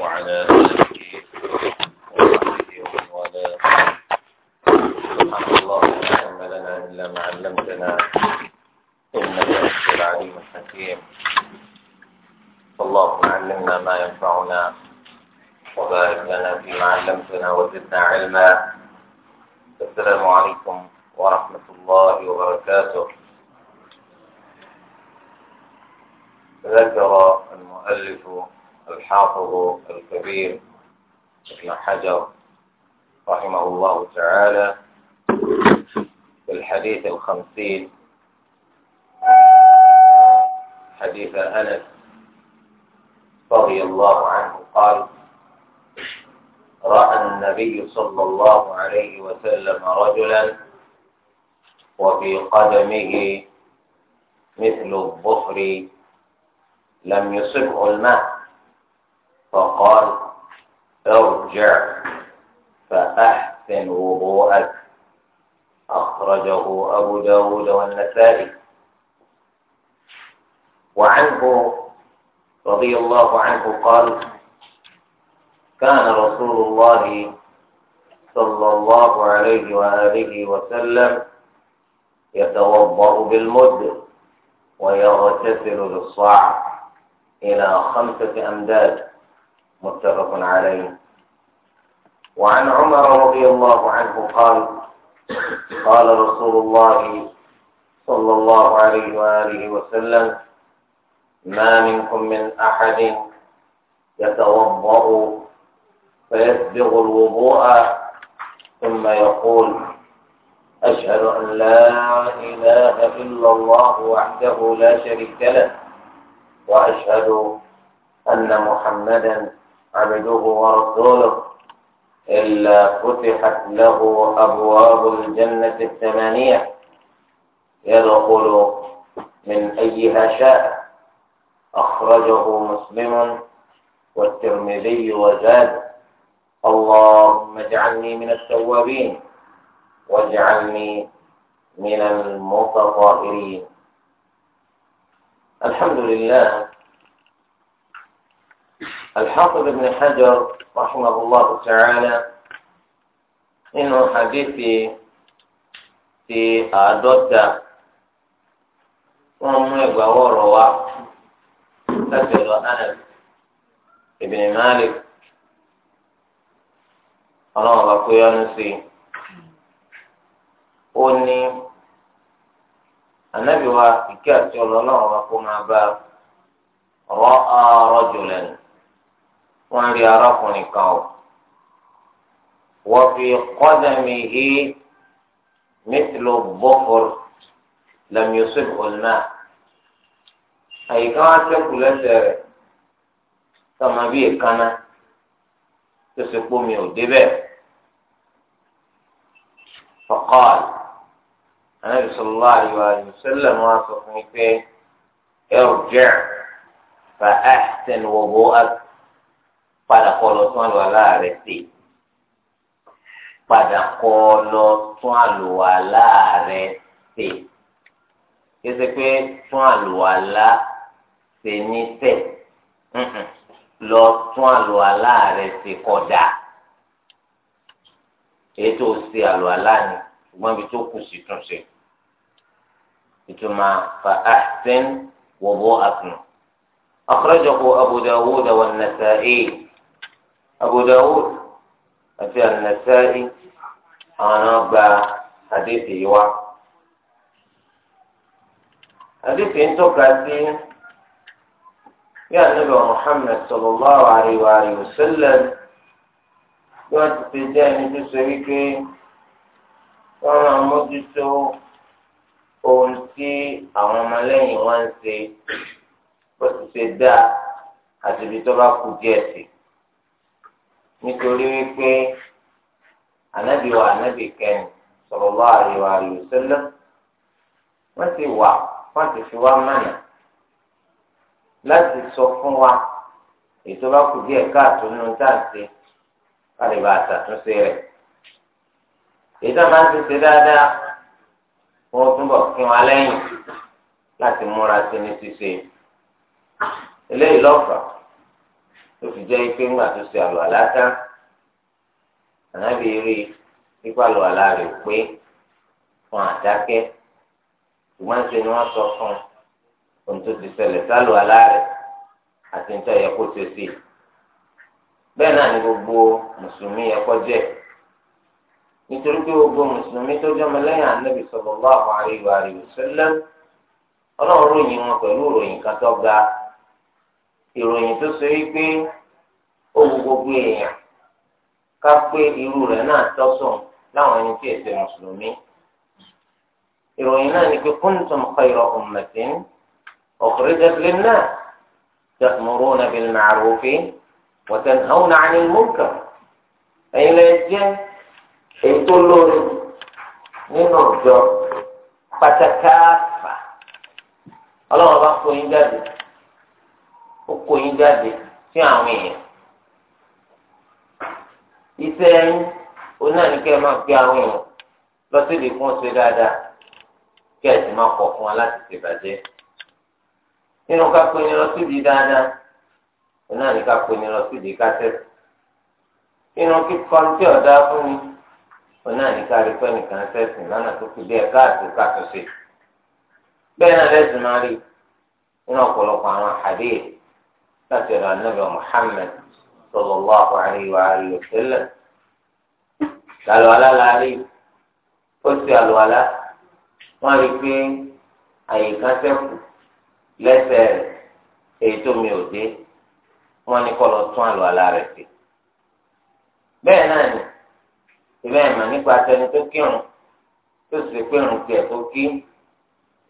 وعلى آله وصحبه ومن والاه سبحان الله لا علم لنا إلا ما علمتنا إنك أنت العليم الحكيم اللهم علمنا ما ينفعنا وبارك لنا فيما علمتنا وزدنا علما السلام عليكم ورحمة الله وبركاته ذكر المؤلف الحافظ الكبير ابن حجر رحمه الله تعالى في الحديث الخمسين حديث أنس رضي الله عنه قال رأى النبي صلى الله عليه وسلم رجلا وفي قدمه مثل الظفر لم يصبه الماء فقال ارجع فأحسن وضوءك أخرجه أبو داود والنسائي وعنه رضي الله عنه قال كان رسول الله صلى الله عليه وآله وسلم يتوضأ بالمد ويغتسل بالصاع إلى خمسة أمداد متفق عليه وعن عمر رضي الله عنه قال قال رسول الله صلى الله عليه وآله وسلم ما منكم من أحد يتوضأ فيسبغ الوضوء ثم يقول أشهد أن لا إله إلا الله وحده لا شريك له وأشهد أن محمدا عبده ورسوله إلا فتحت له أبواب الجنة الثمانية يدخل من أيها شاء أخرجه مسلم والترمذي وزاد اللهم اجعلني من التوابين واجعلني من المتطهرين الحمد لله الحافظ ابن حجر رحمه الله تعالى إنه حديث في أدوتا ومعه وروى سجد أنس ابن مالك أنا أقول يا نسي أني النبي واحد كاتب الله أنا أقول رأى رجلاً wọ́n rí arákùnrin kan o wọ́n fi kọ́dàmì hí mẹ́tìlú bọ́fọ̀r lẹ́mìọ́sẹ̀ bọ̀lná àyíká wọn sẹ́kù lẹ́sẹ̀ rẹ̀ sọ́mọ bíi èkánná tó ṣe pé omi ò débẹ̀ fọ́kọ́ọ̀lù anabi sọlá àyùwá ìṣẹ̀lẹ̀ wọn sọ fún mi pé ẹ ò jẹ fa ẹ tẹnu bó ak. padà kọ́ lọ tún àlùwàlá rẹ̀ ṣe padà kọ́ lọ tún àlùwàlá rẹ̀ ṣe kése pé tún àlùwàlá ṣe ní tẹ̀ lọ tún àlùwàlá rẹ̀ ṣe kódà ètò ṣe àlùwàlá ni ṣùgbọ́n ibi tó kù sí tún ṣe ìtumọ̀ fa ahsin wọ́wọ́ àtùnú. أخرجه أبو داود والنسائي Abu Dawud àti An-Nasa'i àwọn náà gba àdéhùn yìí wá. àdéhùn ń tọ́ka sí bí Ànábì Muhammad sallallahu alaihi wa sallam bí wọ́n ti ṣe jẹ́ ẹni tó sọ wípé wọ́n máa mójútó ohun tí àwọn ọmọlẹ́yìn wọn ń ṣe bó ti ṣe dáa àti ibi tó bá kú díẹ̀ sí nítorí wípé ànábì wa ànábì kẹ́ni sallallahu alaihi wa sallam wọ́n ti wà wọ́n ti fi wá mọ̀nà láti sọ fún wa ètò bá kù díẹ̀ káàtó nínú táǹtì kálíbà àtàtúnṣe rẹ̀ ètò máa ń tètè dáadáa wọ́n túbọ̀ fún wa lẹ́yìn láti múra sí ní ṣíṣe eléyìí lọ́fàá. òfin jẹ́ ike ńgbà tó ṣe àlọ́ àlátá ànábì rí ipa lọ àlá rẹ̀ pé wọn àdákẹ́ ni wọ́n sọ fún ohun tó ti ṣẹlẹ̀ sálọ àlá rẹ̀ àti níta yẹ kó ṣe sí i bẹ́ẹ̀ náà gbogbo mùsùlùmí yẹ kó jẹ́ gbogbo mùsùlùmí tó jẹ́ ọmọlẹ́yìn ànábì sallallahu alaihi wa sallam ọlọ́run ròyìn wọn pẹ̀lú ìròyìn ga. ìròyìn tó ṣe é pé owó gbogbo èèyàn ká pé irú rẹ̀ náà tọ́sùn láwọn ẹni tí èsè mùsùlùmí. ìròyìn náà ni pé kuntum khayra ummatin ukhrijat lin-nas ta'muruna bil-ma'ruf wa tanhawna 'anil munkar. ẹ̀yin lè jẹ́ ètò lórí nínú ọjọ́ pátákáfà ọlọ́run bá fún jáde. ó kó yín jáde sí àwọn èèyàn iṣẹ́ yín òun náà ní kẹ́ máa fi àwọn èèyàn lọ sí ibi kí wọ́n dáadáa kí ẹ sì máa kọ̀ fún wa láti ṣe bàjẹ́ nínú ká pé ní lọ sí ibi dáadáa òun náà ní ká pé ní lọ sí ibi kásẹ̀ nínú kíkan tí fún mi náà ní ká rí lọ́nà tó fi káàtó káàtó ṣe bẹ́ẹ̀ náà lẹ́sìn máa rí nínú ọ̀pọ̀lọpọ̀ àwọn àdéhùn. láti ọ̀dọ̀ anábẹ́ Muhammad sallallahu alaihi wa alihi wa sallam làlùwàlá láàrin ó ti àlùwàlá wọ́n rí i pé àyíká sẹ́kù lẹ́sẹ̀ èyí tó mi ò dé wọ́n ní kọ́ lọ tún àlùwàlá rẹ̀ sí. bẹ́ẹ̀ náà ni ìbẹ́ ẹ̀mọ̀ nípa tẹni tó kírun tó sì pé irun tiẹ̀ tó kí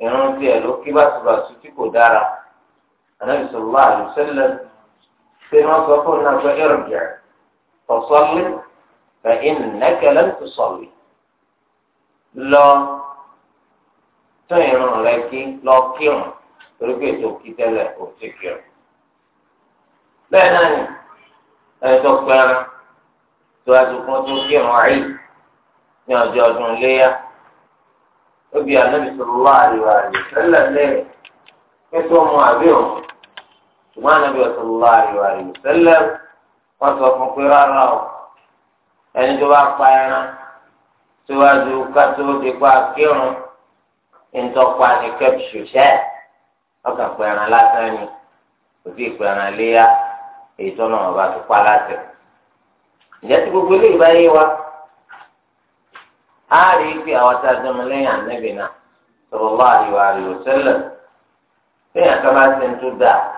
irun tiẹ̀ ló kí bàtúbàtú tí kò dára anabi sallallahu alayhi wa sallam ṣé wọ́n sọ fún náà pé irji' fa salli fa innaka lam tusalli lọ tún ìrun rẹ kí lọ kírun torí pé ètò kí tẹ́lẹ̀ kò ti kírun bẹ́ẹ̀ náà ni ẹ̀tọ́ pẹran tó a ti kún tó kírun ayé ní ọjọ́ ọdún léyà ó bi ànábì sallallahu alaihi wa sallam lẹ́yìn pé tó mú àbí òun. ṣùgbọ́n ànábì sallallahu alaihi wa sallam wọ́n sọ fún pé rárá o ẹni tó bá pa ẹran síwájú kátó ti pa kírun ìtọ́pa ni kẹ́pṣù ọkà ni kò sí léyà èyí tó náà bá pa láti. ìjẹ́ tí gbogbo yé wa àwọn tá a jọmọ lẹ́yìn ànábì náà lẹ́yìn àkàbà ti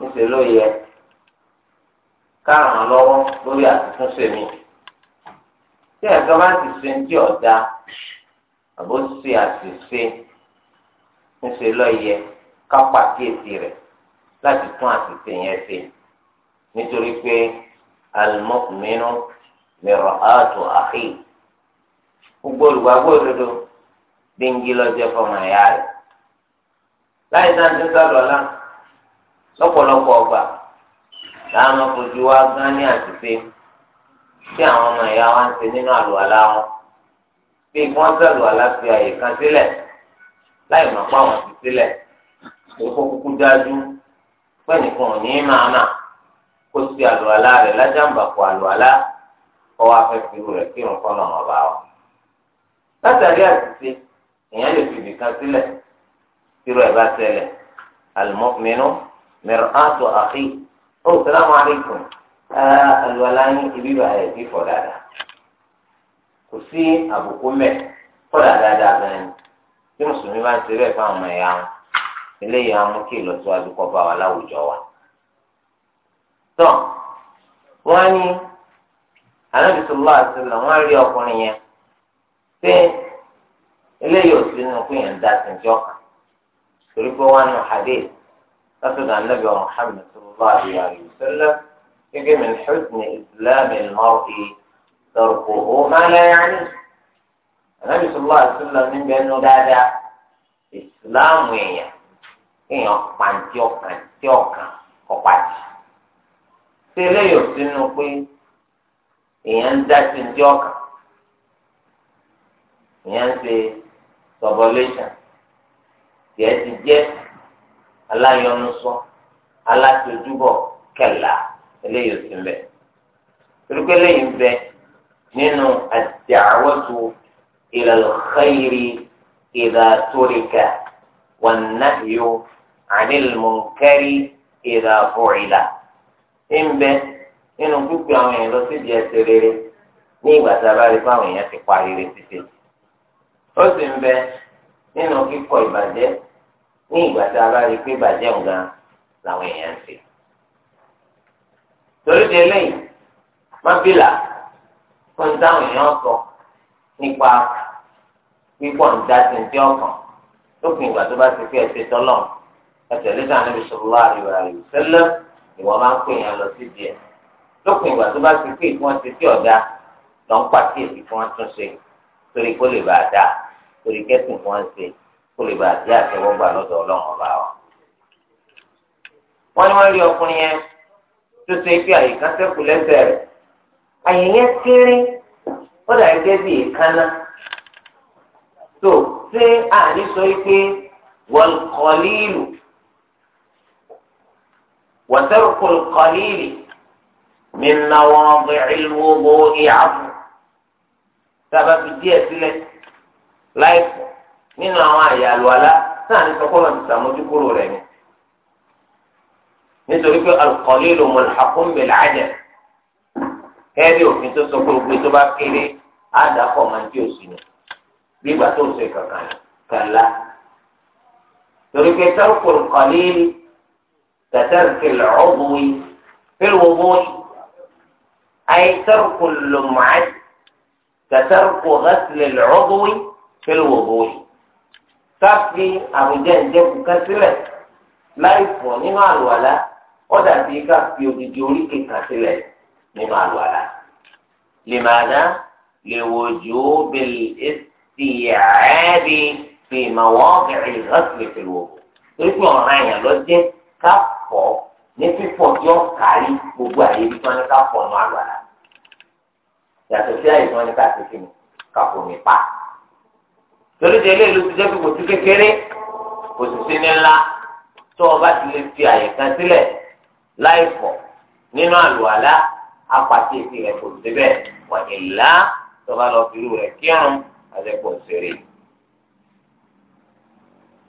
níṣẹ́ ló yẹ káàràn lọ́wọ́ lórí àtúnṣe mi tí ẹ̀ka bá ti ṣe ń di ọ̀dà àbó ṣe àṣìṣe níṣẹ́ ló yẹ ká pàkíyèsí rẹ̀ láti tún àṣìṣe yẹn ṣe nítorí pé alimọ́kùnmínú mìíràn ààtò àhí gbogbo olùgbàgbọ́ òdodo gbẹ̀ngì lọ́jọ́ fọmọ ẹ̀yà rẹ̀ láì sáà ń tún sálọ̀ lọpọlọpọ ọgbà làwọn fojú wa gán ní àtúnṣe tí àwọn ọmọ ìyá wa ń ṣe nínú àlùwàlá wọn bí wọ́n sàlùwàlá fi àyè kan láì ti sílẹ̀ èkó kúkú dájú pẹ́ẹ́nìkan ò máa kó sí àlùwàlá àlùwàlá látàrí àtúnṣe èèyàn lè fi mẹ̀rọ̀átù àfi ó sàlámù alaykum àlùwàláyìn ibi báyìí ti fọ̀ dáadáa kò sí àbùkù mẹ́ kọ́dà dáadáa gan-an tí mùsùlùmí bá ń ṣe bẹ́ẹ̀ fáwọn ọmọ kí bá wa láwùjọ wa. tọ́ wọ́n ní anábì sọlá àtìlá wọ́n rí ọkùnrin yẹn pé eléyìí ò sí nínú yẹn ń dá أخذ عن النبي محمد صلى الله عليه وسلم يجي من حسن إسلام المرء تركه ما لا يعني النبي صلى الله عليه وسلم من بأنه دادا إسلام ويا èèyàn pàǹtí ọkàn tí ọkàn ọ̀pàdé ṣe eléyìí ò sínú pé èèyàn ń dá sí ti ọkàn èèyàn ń ṣe sọ̀bọ̀lẹ́ṣàn tiẹ̀ aláyọnusọ alásojúbọ kẹlà eléyìí ò sí mbẹ torípé eléyìí ń bẹ nínú ad-da'watu ila al-khayri idha turika wan-nahyu 'anil munkari idha fu'ila ń bẹ nínú pípé àwọn èèyàn lọ síbi ẹsẹ̀ rere ní ìgbà tá a bá rí fáwọn èèyàn ti parí rẹ títí ó sì ń bẹ nínú kíkọ ìbàjẹ́ ní ìgbà tá a bá rí i pé bàjẹ́ nǹkan làwọn èèyàn ń ṣe. torí de lẹ́yìn mábìlà fún táwọn èèyàn sọ nípa pípọ̀ ń dá sí ti ọkàn lópin ìgbà tó bá ti fi ẹsẹ̀ tọ́lọ̀ ẹsẹ̀ lẹ́sẹ̀ ànábi sọ̀rọ̀ àríwá àríwá sẹ́lẹ̀ ìwọ máa ń pè yẹn lọ sí díẹ̀ lópin ìgbà tó bá ti fi ìfún ti ti ọ̀dà lọ́n pàkíyèsí fún wọn tún ṣe torí kó lè bàa dá torí kẹ́sìn fún wọn kó lè bàa jẹ́ àtẹ́wọ́gbà lọ́dọ̀ ọlọ́run ọba wa. wọ́n ní wọ́n rí ọkùnrin yẹn tó ṣe pé àyíká sẹ́kù lẹ́sẹ̀ rẹ̀ àyè yẹn kéré ó dà gẹ́gẹ́ bí èékánná. tó ṣé àní pé wọ́n kọ́ lílù وترك القليل من مواضع الوضوء عفو سبب دي سلة لا يكون nínú àwọn àyàlú alá náà ní sọkọlọ ti sàmójúkúrò rẹ ni nítorí pé al-qalilu mulhaqun bil-'adad kẹ́ẹ́bí òfin tó sọ gbogbo tó bá kéré àdàpọ̀ máa ń tí òsì ni bí ìgbà tó ń sọ kankan kàlá torí pé tarku al-qalil ka-tarki al-'udwi fil-wudu' ay tarku al-lum'ah ka-tarki káfí àwùjẹ ìjẹkù kan sílẹ̀ láì fọ̀ nínú àlùwàlá wọ́n dàbí káfí odidi oríkè kan sílẹ̀ nínú àlùwàlá. lèmàdá lè wojú bẹ́ẹ̀ ìyàrẹ́bí fi ìmọ̀wọ́ bẹ̀rẹ̀ ìrọ́sìlẹ̀ pẹ̀lú òkú. torí pé ọ̀ràn àyàn lọ jẹ́ ká fọ̀ ní fífọ̀ tí ó kárí gbogbo àyè ibi tí ní ká fọ̀ nínú àlùwàlá. yàtọ̀ sí àyè tí wọ́n ní ká ti fi kàkùnmí pa torí de eléyìí ló ti jẹ́ pé kò sí kékeré kò sì sí ní ńlá tó o bá ti lè fi àyè kan sílẹ̀ láì fọ̀ nínú àlùwàlá apàtì èsì rẹ̀ kò sí bẹ́ẹ̀ wà ìlà tó bá lọ fi irú rẹ̀ kírun àdẹ́pọ̀ sèré.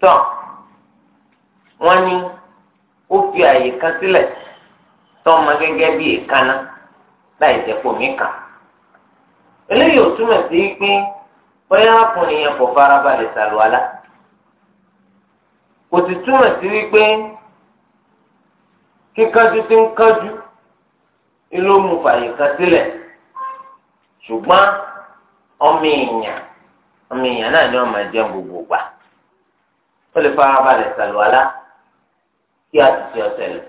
tọ́ wọ́n ní ó fi àyè kan sílẹ̀ tọ́mọ gẹ́gẹ́ bí èékánná láì jẹ́ pòmí kan. eléyìí ò túmọ̀ sí pé bóyá ọkùnrin yẹn kò farabalẹ̀ sàlùwàlá kò sì túmọ̀ sí wípé kíkájú tí ń kájú ló mú fàyè kan sílẹ̀ ṣùgbọ́n ọmọ èèyàn ọmọ èèyàn náà ni wọ́n máa jẹun gbogbo gbà ó lè farabalẹ̀ sàlùwàlá kí àtúnṣe ọ̀sẹ̀ lẹ̀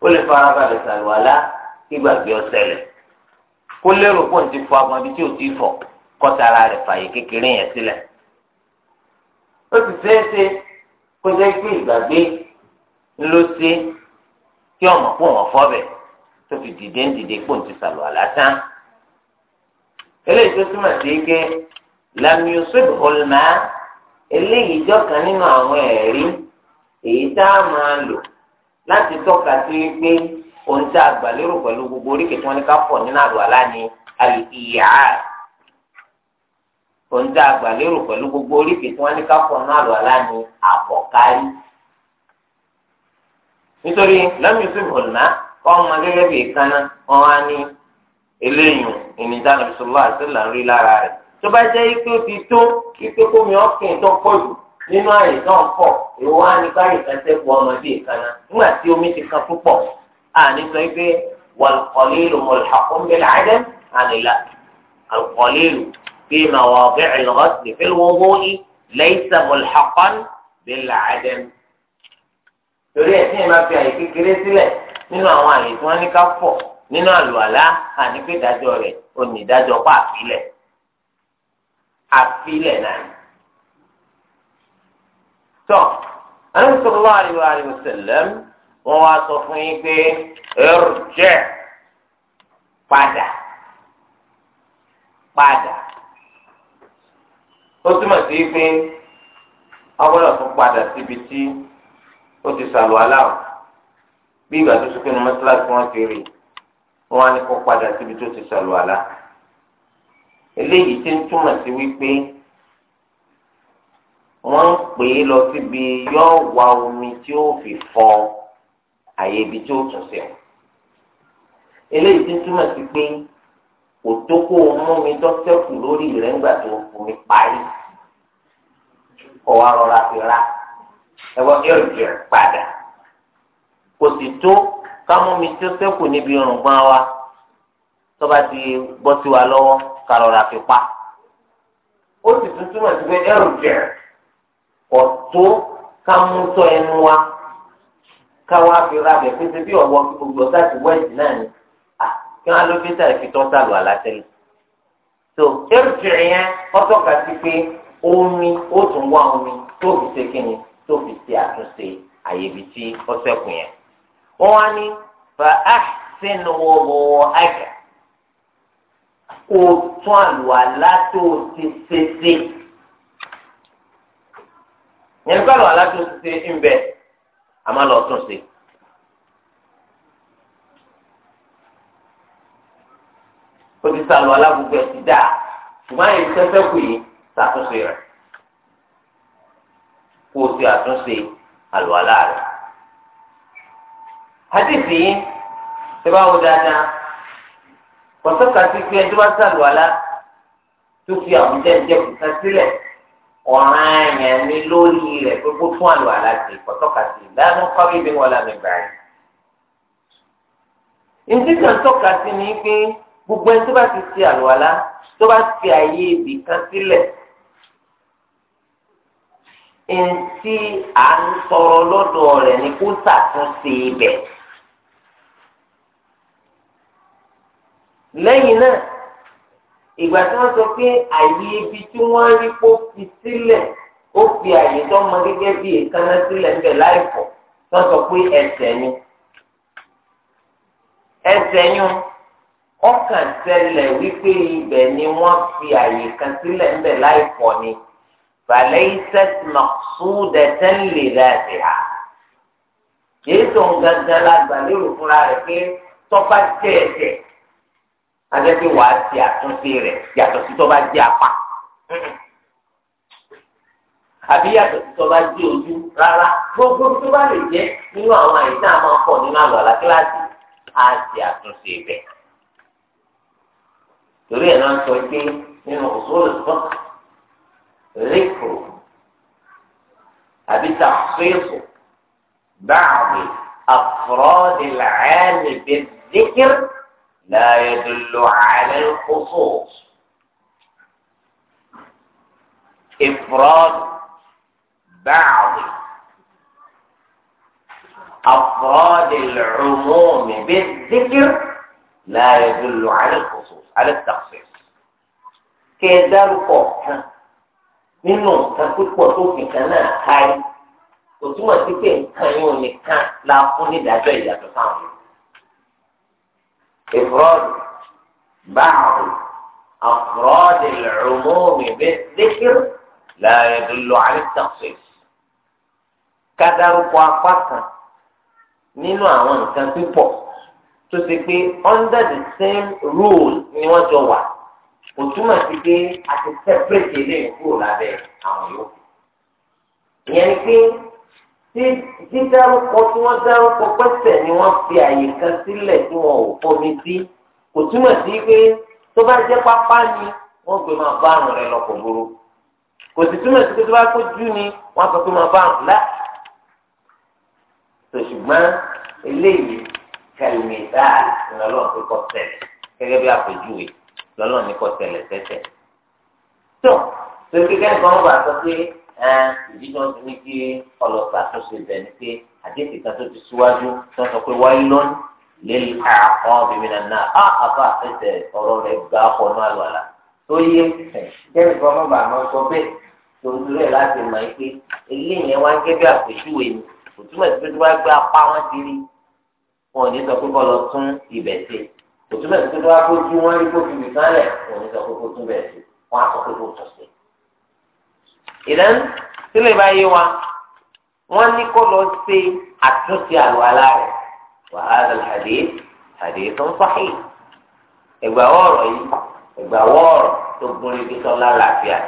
ó lè farabalẹ̀ sàlùwàlá kí gbàgbé ọ̀sẹ̀ lẹ̀ kó lérò pọ̀ ní ti fọ agbọ̀n bí tí ò ti fọ̀. kọtara rẹ fàyè kékeré yẹn sílẹ̀ ó sì ṣeé ṣe kó jẹ́ pé ìgbàgbé ló ṣe kí ọmọ kó wọn fọ́bẹ̀ tó fi dìde ń dìde n ti sàlù àlásán eléyìí tó túmọ̀ sí pé lamiusud olùmọ̀ eléyìí jọ́kan nínú àwọn ẹ̀rí èyí tá a máa lò láti tọ́ka sí pé ohun tí a oúnjẹ àgbàlérò pẹ̀lú gbogbo oríkèé tí wọ́n ní ká pọ̀ náà lọ́la ní àkọ́kárí. nítorí lẹ́mìísì mọ̀lá kọ́ ọmọ gẹ́gẹ́ bíi kaná wọn á ní eléyìn ìníjà nàbí sọlá àtìlá ń rí lára rẹ̀. tó bá jẹ́ ike ó ti tó ike kómi ọ̀kìn tó pọ̀ jù nínú àyè náà pọ̀ èwo á ní káyè kẹsẹ̀ pọ̀ ọmọdé kaná nígbà tí omi ti kan púpọ̀ àní في مواضع الغسل في الوضوء ليس ملحقا بالعدم torí ẹ tí ẹ máa fi àyè kékeré sílẹ̀ nínú àwọn àyè tí wọn ní ká fọ̀ nínú àlùwàlá àní pé ìdájọ́ rẹ̀ ò ní ìdájọ́ pa àfilẹ àfilẹ náà tọ àwọn àríwá àríwá sẹlẹm wọn wá sọ fún yín pé ẹrù jẹ padà padà tó túmọ̀ sí pé ọgbọ́dọ̀ tún padà síbi tí ó ti sàlù aláwọ̀ bí ìgbà tó sókè ní mọ́tíláṣí wọn ti rí wọn á ní kó padà síbi tó ti sàlù alá eléyìí ti ń túmọ̀ sí wípé wọ́n ń pè é lọ síbi yóò wá omi tí ó fi fọ àyè ibi tí ó tún sí ọ eléyìí ti ń túmọ̀ sí pé kò tó kó o mú mi dọ́kítẹ́kù lórí rẹ̀ ńgbà tó kù mí parí kọ́ wa rọra fi ra ẹ wọ́n yóò jẹ́ padà kò sì tó ká mú mi dọ́kítẹ́kù níbi irùngbọ́n wa tó bá ti bọ́ sí wa lọ́wọ́ ká rọra fi pa ó sì tún túmọ̀ sí pé ẹrù jẹ́ kò tó ká mú tọ́ ẹnu wa ká wá fi ra bẹ̀ pé ṣe bí ọ̀wọ́ gbogbo sáà ti wẹ́ẹ̀dì náà ni kí wọn ló fi sáré fi tọ́ sálù alátẹ́lẹ̀ so erùtù yẹn ọtọ́ka sí pé omi ó tún wá omi tó fi ṣe kíni tó fi ṣe àtúnṣe àyèbí tí ó ṣẹ́kù yẹn wọn wá ní fa ahsinu wudu'aka kó o tún àlùwàlá tó ti ṣe ṣe yẹn kó àlùwàlá tó ti ṣe ń bẹ àmọ́ lọ tún ṣe. ó ti sàlù alágbègbè ti dà ṣùgbọ́n àyè sẹ́sẹ́ kù yìí ṣàtúnṣe rẹ̀ kó o ti àtúnṣe àlùwàlá rẹ̀. hadithi ṣe bá wọ dáadáa kọ̀sọ́kà sí pé ẹjọ́ bá ṣàlùwàlá tó fi àbújá ìjẹkù ká sílẹ̀ ọ̀ràn àyàn ni lórí rẹ̀ pé kó tún àlùwàlá ti kọ̀sọ́kà sí lánà kọ́bí bí wọ́n lámì báyìí. ìdí kan sí ni pé gbogbo ẹni tó bá ti ṣe àlùwàlá tó bá ti àyè ibì kan sílẹ̀ ntí à ń sọ̀rọ̀ lọ́dọ̀ rẹ̀ ni kó ṣàtúnṣe ibẹ̀. lẹ́yìn náà ìgbà tí wọ́n sọ pé àyè ibi tí wọ́n rí kó fi sílẹ̀ ó fi àyè tó mọ gẹ́gẹ́ bí èékánná sílẹ̀ ń bẹ̀ láìpọ̀ wọ́n sọ pé ẹsẹ̀ ni ẹsẹ̀ yún ọkàn tẹ́lẹ̀ wípé ibẹ̀ ni wọ́n fi àyè kan sílẹ̀ ńbẹ̀ láìpọ̀ ni falaysat maqsudatan li dhatiha yìí tó ń gangan la gbà lérò fúnra rẹ̀ pé tọ́ba jẹ́ ẹ̀jẹ̀ adẹ́pẹ́ wàá ti àtúnṣe rẹ̀ yàtọ̀ sí tọ́ba jẹ́ apá àbí yàtọ̀ sí tọ́ba jẹ́ ojú rárá gbogbo tó bá lè jẹ́ nínú àwọn àyíká máa ń pọ̀ nínú àlọ́ kíláàsì á àtúnṣe bẹ́ẹ̀. torí ẹ̀ náà sọ pé nínú òṣòlù fún rẹ́kọ̀ àbí tàfíìsù báàbí àfúrọ́dì làálì bí zikir láàyè dùlù àlẹ́ kófò. إفراد بعض أفراد العموم بالذكر لا يدل على الخصوص على التخصيص كي دارو nínú nǹkan púpọ̀ tó fi kan náà kárí kò túmọ̀ sí pé nǹkan yóò nìkan la fún nídàájọ́ ìyàtọ̀ sáwọn. ìfúrọ́dù báàrù àfúrọ́dù lùmọ́ọ̀mì bí zikir láàyè dùlù àlítàkùsì. kádàrúkọ apá kan nínú àwọn nǹkan púpọ̀ tó ṣe pé under the same rule ni wọ́n jọ wà kò túmọ̀ sí pé a ti separate eléyìí kúrò lábẹ́ àwọn yòókù. ìyẹn ni pé dídárúkọ tí wọ́n dárúkọ pẹ́sẹ̀ ni wọ́n fi àyè kan sílẹ̀ tí wọn ò fomi sí kò túmọ̀ sí pé tó bá jẹ́ pápá ni wọ́n gbé máa bá àrùn rẹ lọ kò burú kò sì túmọ̀ sí pé tó bá kójú ni wọ́n sọ pé máa bá àrùn lá. tòṣùgbọ́n eléyìí kẹlẹmìtàn lọ́lọ́run ti kọ́ ṣẹlẹ̀ gẹ́gẹ́ bí àpèjúwe lọ́lọ́run ní kọ́ ṣẹlẹ̀ tẹ́tẹ́. tó tó kíkẹ́ nǹkan wọn bá sọ pé ìdí tó ti ní kí ọlọ́pàá tó ṣe bẹ̀ ni pé àdéhùn kan tó ti síwájú tó ń sọ pé wáyé lọ́nù lẹ́lí àkọ́ bìbìnà náà á àbá àfẹsẹ̀ ọ̀rọ̀ rẹ̀ gbà pọ̀ náà lọ́la tó yé kẹ́mi kan wọn bá máa sọ bẹ́ẹ̀ tó ń dúró láti mọ̀ pé eléyìí wá gẹ́gẹ́ bí àpèjúwe ni òtún mẹ́tí pé tó bá wọn ò ní sọ pé kọ́ lọ tún ibẹ̀ ṣe kò túbẹ̀ sí pé tó wá kó tí wọ́n rí kó fi bì sálẹ̀ wọn ò ní sọ pé kó tún bẹ̀ ṣe wọn á sọ pé kó tún ṣe. ìdán sílẹ̀ báyé wa wọ́n ní kó lọ ṣe àtúnṣe àlùwalá rẹ̀ wa hadha al-hadith hadithun sahih ẹ̀gbà wọ́ọ̀rọ̀ yìí ẹ̀gbà wọ́ọ̀rọ̀ tó gbórí bí sọ́lá làáfíà.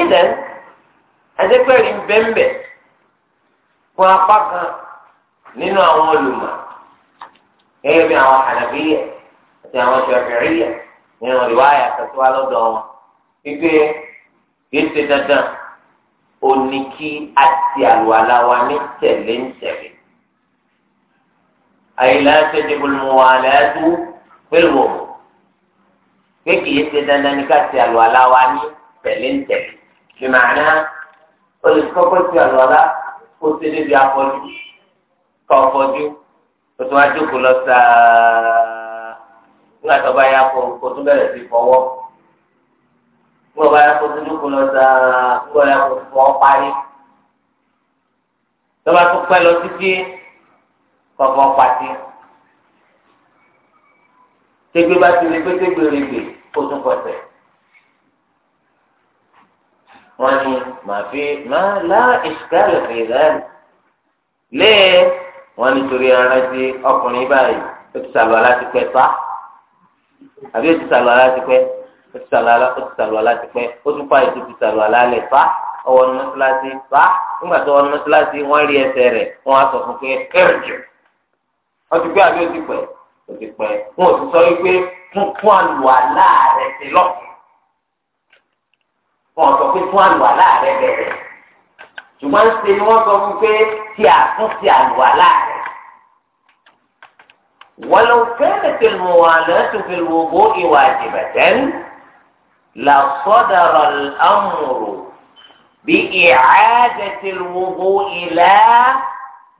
ìdán adépẹ́rì ń bẹ́ńbẹ̀ nínú àwọn olùmọ̀ gẹ́gẹ́ bí àwọn hànàbíyà àti àwọn ṣàfìríyà nínú ìwáyà àtàtúwà lọ́dọ̀ wọn wípé kìí ṣe dandan ó ní kí àti àlùwàlá wa ní tẹ̀lé ń tẹ̀lé. àyìnlá ṣẹ́jẹ̀bù mú wa lẹ́ẹ̀dú pẹ̀lú pé kìí ṣe dandan ní ká ti ní tẹ̀lé ń tẹ̀lé. ìmọ̀ àná olùkọ́kọ́ ti àlùwàlá kó ṣe débi afọ́jú kọ́ fọ́jú o tún wá jókòó lọ sáá nígbà tó bá yá kó o tún bẹ̀rẹ̀ sí fọwọ́ nígbà bá yá kó o tún jókòó lọ sáá nígbà yá kó o tún fọwọ́ parí tó bá tún pẹ́ lọ títí kọ́ fọ́ pàtí tẹgbẹ́ bá ti lè pé tẹgbẹ́ rẹ̀ gbè kó tún pọ̀tẹ́ wọ́n ní màá fi máa lá ìṣúkàlẹ̀ fèrè rẹ̀ lẹ́ẹ̀ wọn nítorí arántí ọkùnrin báyìí ó ti sàlùwà láti pẹ́ pa àbí ó ti sàlùwà láti pẹ́ ó ti sàlùwà láti pẹ́ ó tún pa ètò ti sàlùwà lálẹ́ pa ọwọ́ ní mọ́tíláṣí pa nígbà tó ọwọ́ ní mọ́tíláṣí wọ́n rí ẹsẹ̀ rẹ̀ wọ́n á sọ fún pé ẹ̀rẹ̀jẹ̀ wọ́n ti pẹ́ àbí ó ti pẹ́ ó ti pẹ́ wọn ò ti sọ wípé fún fún àlùwà láàrẹ̀ ti lọ́kùn wọn sọ pé fún àlùwà láàrẹ̀ bẹ̀rẹ̀ ṣùgbọ́n ṣe ni wọ́n sọ fún pé tí a tún ti àlùwà láàrẹ̀. ولو كانت الموالاة في الوضوء واجبة لصدر الأمر بإعادة الوضوء لا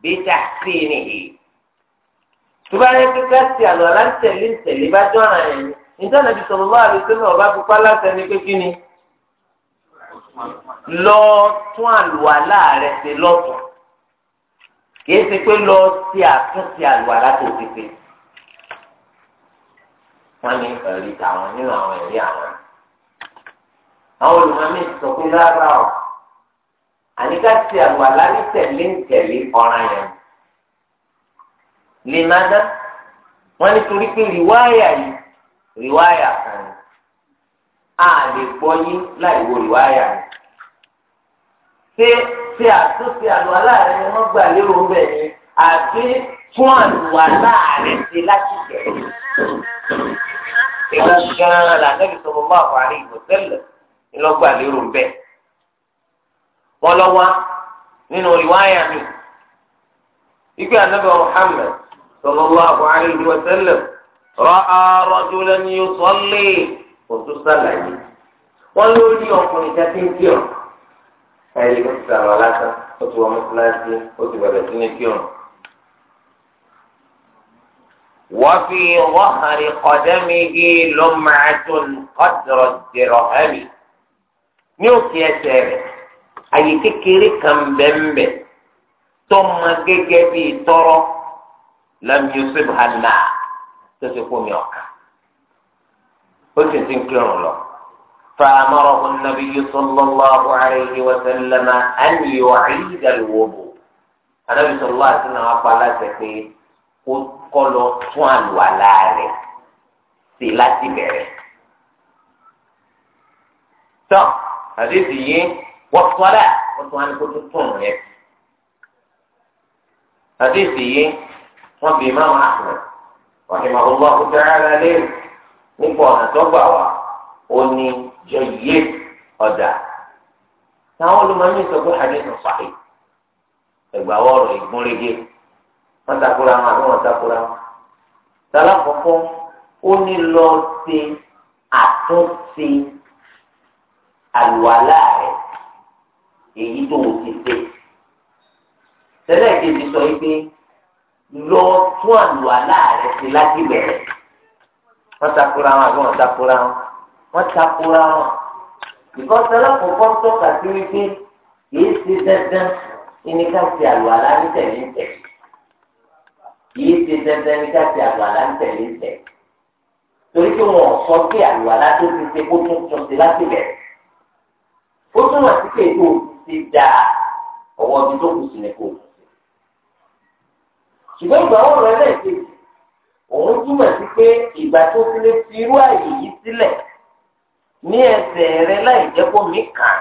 بتحسينه. تبقى كاستي على لانت لانت اللي بعد يعني انت النبي صلى الله عليه وسلم وبابك قال لك كيني lọ tún àlùwàlá rẹ ṣe lọ́tún kìí ṣe pé lọ ṣe àtúnṣe àlùwàlá tó ti pé wọn ní ẹ̀rí tàwọn nínú àwọn ẹ̀rí àwọn àwọn olùmọ̀mí sọ pé rárá o àníká ṣe àlùwàlá ní tẹ̀lé ń tẹ̀lé ọ̀ràn yẹn lè má dá wọn nítorí pé rìwáyà yìí rìwáyà kan a lè gbọ́ yín láì rìwáyà yìí. ṣé ṣé àtúnṣe àlùwà láàrin ni wọ́n gbà lérò ni fún àlùwà láàrin ti láti jẹ́. ìgbà gan-an làǹdẹ́bí ni wọ́n gbà lérò bẹ́ẹ̀. wọ́n lọ wá nínú ìwáyà mi. kò tún sálàyé. wọ́n lórí ọkùnrin kí ọ. ẹyẹ ló ti sàrọ̀ aláta ó ti wọ mọ́sálásí ó ti bẹ̀rẹ̀ sí ní kíọ̀n. wọ́n fi wọ́hàrí kọ́dẹ́mìgì lọ́màdùn kọ́dọ̀rọ̀ dẹ̀rọ̀ hẹ́mì ní òkè ẹsẹ̀ rẹ̀ àyè kékeré kan bẹ́ẹ̀nbẹ́ tó ma gẹ́gẹ́ bíi tọ́rọ́ lamiusib hana tó ti kó mi ọ̀ka ó sì ti ń kírun lọ. فأمره النبي صلى الله عليه وسلم أن يعيد الوضوء النبي صلى الله عليه وسلم قال قد قل طوال ولا سلاتي بره طب هذه هي والصلاة والصلاة كنت تطون هذه هي رب إمام أحمد رحمه الله تعالى ليه نقول أنا تبعوا وني jayyid ọ̀dà táwọn olùmọ̀mí sọ pé hadith sahih ẹgbàá ọ̀rọ̀ ìgúnrégé wọ́n takora wọn àbí wọ́n takora wọn. sálá kọ̀ọ̀kan ó ní lọ ṣe àtúnṣe àlùwàlá rẹ̀ èyí tó o ti ṣe. tẹ́lẹ̀ kejì sọ pé lọ tún àlùwàlá rẹ̀ ṣe láti bẹ̀rẹ̀ wọ́n takora wọn àbí wọ́n takora wọn wọ́n takora wọn ìkọ́sẹ́ lọ́kọ̀ọ́kọ́ tọ́ka sí wípé kìí ṣe dandan ìníká ti àlùwàlá ní tẹ̀lé ń tẹ̀ kìí ṣe dandan ìníká ti àlùwàlá ní tẹ̀lé ń tẹ̀ torí pé wọn ò sọ pé àlùwàlá tó ti ṣe kó tún tún ṣe láti bẹ̀rẹ̀ ó túmọ̀ sí pé ètò ti da ọwọ́ ọdún tó kù sí ni kò ṣùgbọ́n ìgbà wọn rẹ̀ lẹ́ẹ̀kejì òun túmọ̀ sí pé ìgbà tó ti lè fi irú àyè yìí sílẹ̀ ní ẹsẹ̀ rẹ láì jẹ́ kó mi kàn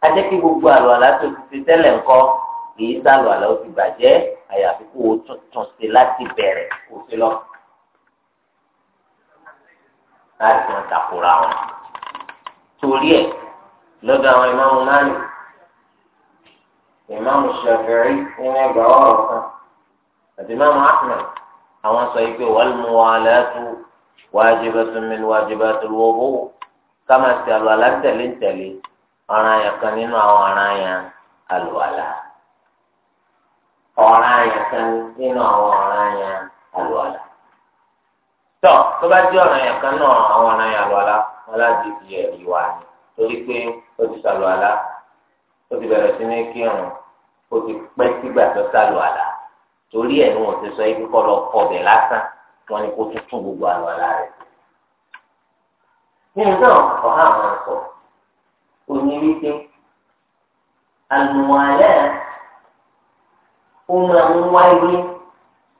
á jẹ́ kí gbogbo àlùwàlá tó ti ṣe tẹ́lẹ̀ ńkọ́ kì í sàlùwàlá ó ti bàjẹ́ àyàfi kó o tuntun ṣe láti bẹ̀rẹ̀ kó o ṣe lọ. láti wọn takora wọn torí ẹ lọ́dọ̀ àwọn ìmáàmù náà ìmáàmù Ṣafi'i nínú ẹgbàá ọ̀rọ̀ kan àti ìmáàmù Ahmad àwọn sọ yìí pé wal muwalatu wajibatun min wajibatil wudu kama ti àlùwàlá tẹ̀lé tẹ̀lé ọ̀ràn yẹn kan nínú àwọn ọ̀ràn yẹn àlùwàlá ọ̀ràn yẹn kan nínú àwọn ọ̀ràn yẹn àlùwàlá tọ́ tó bá jẹ́ ọ̀ràn yẹn kan náà àwọn ọ̀ràn yẹn àlùwàlá di, fi di wa ni torí pé ó ti sàlùwàlá ó ti bẹ̀rẹ̀ sí ní kírun ó ti pẹ́ sígbà tó sàlùwàlá torí ẹ̀ ni wọ́n ti sọ ikú kọ́ lọ kọ́ bẹ̀ lásán wọ́n ní kó tún tún gbogbo nínú náà ọ̀há àwọn ọ̀pọ̀ òní wípé àlùmọ̀ọ́lẹ́ ó máa ń wáyé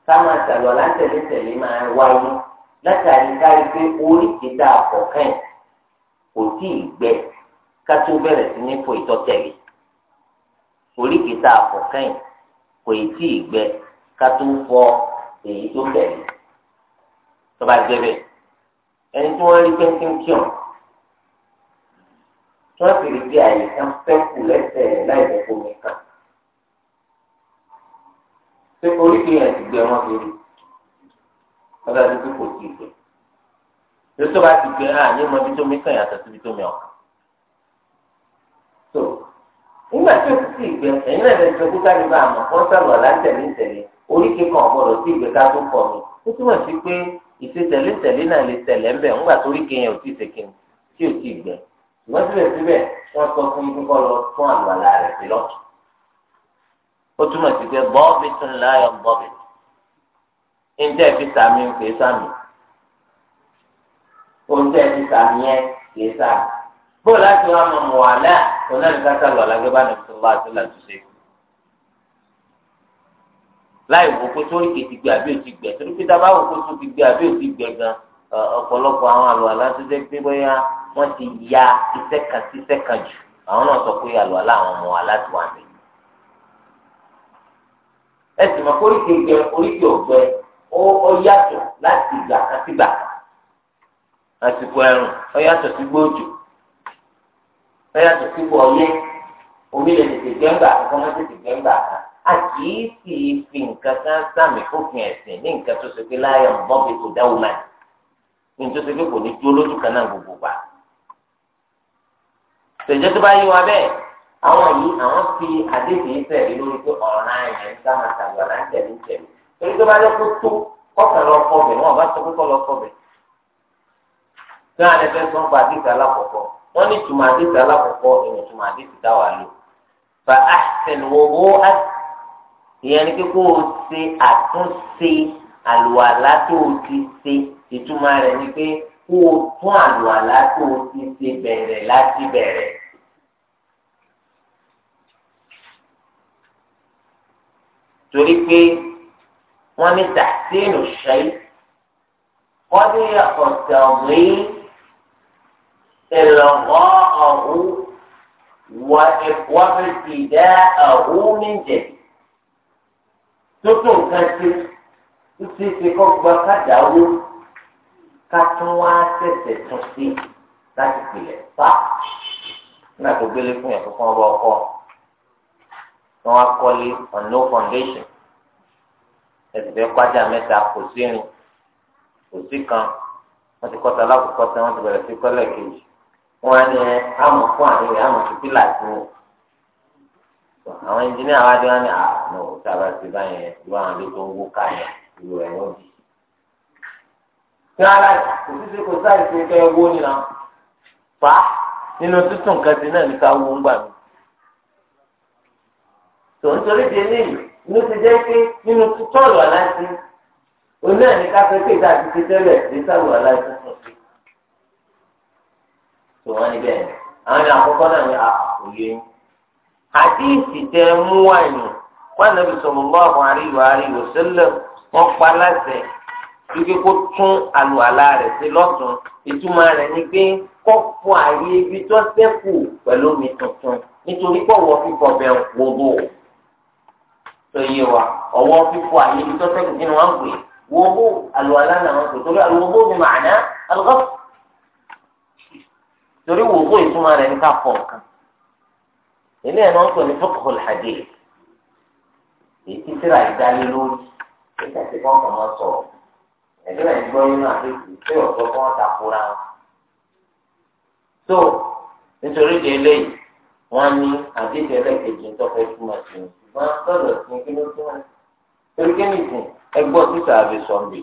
ká máa ṣàlọ́ látẹ̀lẹ́tẹ̀lé máa ń wáyé látàrí káyé pé oríṣi dá àpọ̀ kàn kò tí ì gbẹ ká tó bẹ̀rẹ̀ sí ní fò ìtọ́tẹ̀lé oríṣi dá àpọ̀ kàn kò tí ì gbẹ ká tó fọ èyí tó bẹ̀rẹ̀ tó bá jẹ́ ẹni tí wọ́n rí kíńkíńkíọ̀ tí wọ́n sì rí bí àyè kan sẹ́kù lẹ́sẹ̀ láì jẹ́ kó mi kàn. pé oríkèé yẹn ti gbẹ wọn lórí wọ́n dájú pé kò tí ì gbẹ. èyí tó bá ti gbẹ hàn ní ọmọdé tó mi kàn yàtọ̀ síbi tó mi ọ̀kan. tó nígbà tí o ti sí ìgbẹ ẹ̀yin náà lè sọ kúkà nípa àmọ̀ fọ́nṣálù aláǹtẹ̀lẹ́ǹtẹ̀lẹ́ oríkèé kan ọ̀gbọ́dọ̀ sí ìgbẹ ká tó pọ̀ mi ó túmọ̀ sí pé ìṣètẹ̀lé-tẹ̀lé náà lè tẹ̀lé ń bẹ̀ ńgbà torí kéèyàn ò tí ì ṣèkìnnì tí ò tí ì gbẹ ṣùgbọ́n síbẹ̀síbẹ̀ wọ́n sọ fún yín kọ́ lọ fún àlùwàlá rẹ̀ sí lọ́tù ó túmọ̀ sí pé bọ́ọ̀bì tún láyọ̀ bọ́ọ̀bì ǹjẹ́ ìfi sàmì ń pè sàmì oúnjẹ ìfi sàmì yẹn kì í sàmì bóòlù láti wá mọ̀ mọ̀ wà náà gbé bá nàìjíríà láì wò pé sórí kìtì gbé àbí òtí gbẹ torí pé dábàá wò pé sórí gbé àbí òtí gbẹ gan ọ̀pọ̀lọpọ̀ àwọn àlọ́ àlá tó jẹ́ pé bóyá wọ́n ti ya iṣẹ́ kan sí iṣẹ́ kan jù àwọn náà sọ pé àlọ́ àlá àwọn ọmọ aláti wà ní. ẹ sì mọ̀ pé oríkèé gbẹ oríkèé ọ̀gbẹ ó yàtọ̀ láti ìgbà kan sígbà àsìkò ẹ̀rùn ó yàtọ̀ sí gbòòjò ó yàtọ̀ sí gbòòyé omi lè tètè gbẹ́ngbà kan kọ́mọ́ tètè gbẹ́ngbà kan a kì í sì fi nǹkan kan sàmì fòfin ẹ̀sìn ní nǹkan tó ṣe pé láyọ̀ mọ́bi kò dáwọ́ láì ní tó ṣe pé kò ní dúró lójú kan náà gbogbo gbà. tẹ̀jọ́ tó bá yí wa bẹ́ẹ̀ àwọn yìí àwọn fi àdéhùn ìfẹ́ rí lórí pé ọ̀ràn ẹ̀yẹ ń sáà tàbí ọ̀ràn tẹ̀lé tẹ̀lé torí tó bá yẹ kó tó kọ́kàn lọ kọ́bẹ̀ wọn bá sọ pé kọ́ lọ kọ́bẹ̀. tí wọn àdẹ́fẹ́ sọ ń pa ìyẹn ni pé kó o ṣe àtúnṣe àlùwàlá tó o ti ṣe ìtumọ̀ rẹ̀ ni pé kó o tún àlùwàlá tó o ti ṣe bẹ̀rẹ̀ láti bẹ̀rẹ̀. torí pé wọ́n ní tàṣínù ṣe wọ́n ní ọ̀sẹ̀ ọ̀gbìn ìlọ̀gbọ́ ọ̀hún wọ́n fi dá ọ̀hún ní tó tó nǹkan ṣe ó ti ṣe kọ́ gba kádàáwó ká tún wá ṣẹ̀ṣẹ̀ tún sí láti pìlẹ̀ pa nígbà tó gbélé fún yàn fún ọba ọkọ wọn wá kọ́lé on no foundation ẹ̀sìn fẹ́ kọ́jà mẹ́ta kò sínú kò sí kan wọ́n ti kọ́ta alákòókò tán wọ́n ti bẹ̀rẹ̀ sí kọ́lẹ̀ kejì wọ́n á ní àmọ̀ fún àárín àmọ̀ sí pílà sí àwọn ẹnjìníà wa ti wá ní àná sábà ti báyẹn ìwà àwọn ilé tó ń wó káyà ìlú ẹ̀ wọ́n bì. tí wọ́n á kò sí kò sáà ti kẹ́ ẹ wó nínú fa nínú tuntun kan ti náà ní ká wó ń gbà mí. tò ń torí di eléyìí inú ti jẹ́ pé nínú tọ́ọ̀lù aláìsí oní ẹ̀ní káfẹ́ pé ìta àti ti tẹ́lẹ̀ ní sáàlù aláìsí tún sí. tò wọ́n ní bẹ́ẹ̀ àwọn ẹni àkọ́kọ́ náà ní àkòyé yín àdìsí tẹ mú wáyé wọn nàbí sallallahu alaihi wa alihi wasallam wọn pa láṣẹ wípé kó tún àlùwàlá rẹ̀ sí lọ́tún ìtumọ̀ rẹ̀ ni pé kó fọ àyè ibi tó ṣẹ́kù pẹ̀lú omi tuntun nítorí pé ọwọ́ fífọ bẹ̀ ń wọ́wọ́ tó yé wa ọwọ́ fífọ àyè ibi tó ṣẹ́kù kí ni wọ́n ń pè wọ́wọ́ náà wọ́n pè torí àlùwọ́wọ́ mi màánà àlùkọ́ torí wọ́wọ́ ìtumọ̀ rẹ̀ ní ká fọ nǹkan ilé ẹ̀ náà ń pè ní fiqhul hadith èyí tí tíra ìdálé lórí nígbà tí wọ́n kàn máa sọ̀rọ̀ ẹ̀jẹ̀ rẹ̀ ń gbọ́ nínú àdéhùn tí ọ̀dọ́ kan ta kóra wọn. tó nítorí di eléyìí wọ́n ní àdéhùn ẹlẹ́kẹ̀jì ń tọ́fẹ́ túmọ̀ sí i ṣùgbọ́n lọ́dọ̀ sí kí ló túmọ̀ sí torí kí nìsín ẹgbọ́ títà àbí sọ̀mbì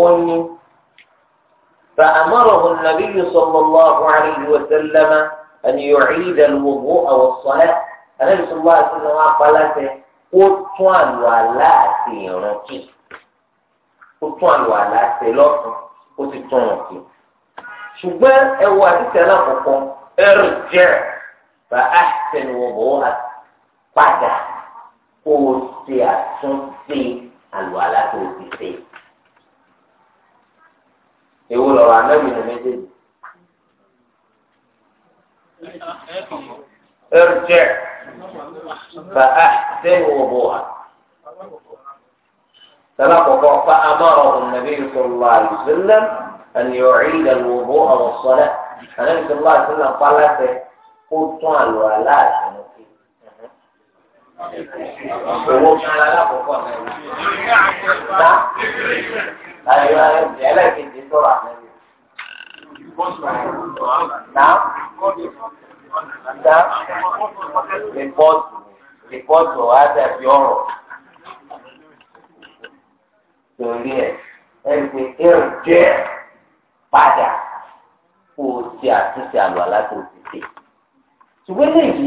ó ní. فأمره النبي صلى الله عليه وسلم أن يعيد الوضوء والصلاة النبي صلى الله عليه وسلم قال kótó àlọ́ àlá àti ìrántí kótó àlọ́ àlá àti lọ́sùn ó ti tún wọn kí. ṣùgbọ́n ẹwọ àdìsẹ́ alákọ̀ọ́kọ́ ẹrù jẹ́ bá a sẹ́nu wọ̀bọ̀ wá padà kó o ṣe àtúnṣe àlọ́ àlá tó o ti ṣe. èwo lọ́rọ̀ anábìnrin méjèèjì. ارجع فأحسن وضوءك تلقى فأمره النبي صلى الله عليه وسلم أن يعيد الوضوء والصلاة النبي صلى الله عليه وسلم قال له قلت الولاء ولا kan Ìta rìpọ́tù rìpọ́tù á dàbí ọ̀rọ̀. Torí ẹ̀ ẹni èrò jẹ́ padà kó o ṣe àtúnṣe àlọ́ aláṣẹ òṣìṣẹ́. Ṣùgbọ́n lèyí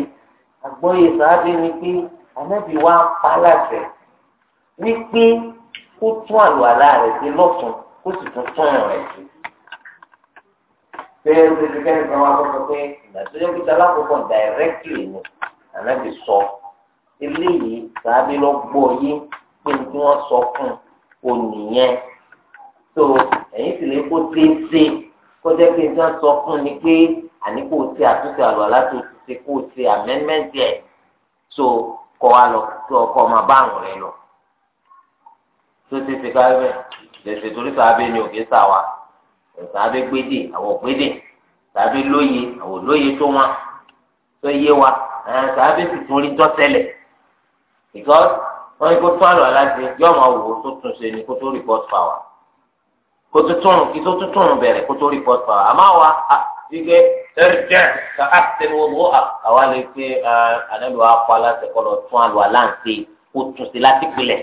àgbọ̀yé sàábì ni pé ànábì wa ń pa aláṣẹ wípé kó tún àlọ́ aláṣẹ lọ́sùn kó sì tún tún ọ̀rọ̀ ẹ̀ sí bẹ́ẹ̀ ló ti kẹ́ni kan wá sọ pé ìgbà tó yẹ kí sálá kókó directly ni ànábì sọ eléyìí sàábí lọ gbọ́ yé pé ní wọ́n sọ fún onìyẹn tó ẹ̀yìn sì lè kó téńté kọjá pé ní wọ́n sọ fún ni pé àní kò ṣe àtúnṣe àlọ́ láti ṣe kò ṣe amendment ẹ̀ tó kọ́ wa lọ tó ọkọ̀ ọmọ bá àwọn rẹ lọ tó ṣe ṣe ká bẹ́ẹ̀ lè ṣètò orí sàábí ni òkè sà sàbẹ gbédè àwọn gbédè sàbẹ lóye àwọn lóye tó wọn tó yé wa sàbẹ tuntun rí dọ́sẹ̀lẹ̀ because wọ́n kó tún àlọ́ aláṣẹ yóò máa wò ó tó tún ṣe ni kó tó report power kó tó tún kí tó tún tún bẹ̀rẹ̀ kó tó report power àmọ́ wa wípé ẹ̀rẹ̀dẹ̀ ká àtẹnu owó àwa lè ṣe ànábìwá pa aláṣẹ kọ́ lọ tún àlọ́ aláǹṣe kó tún ṣe láti pilẹ̀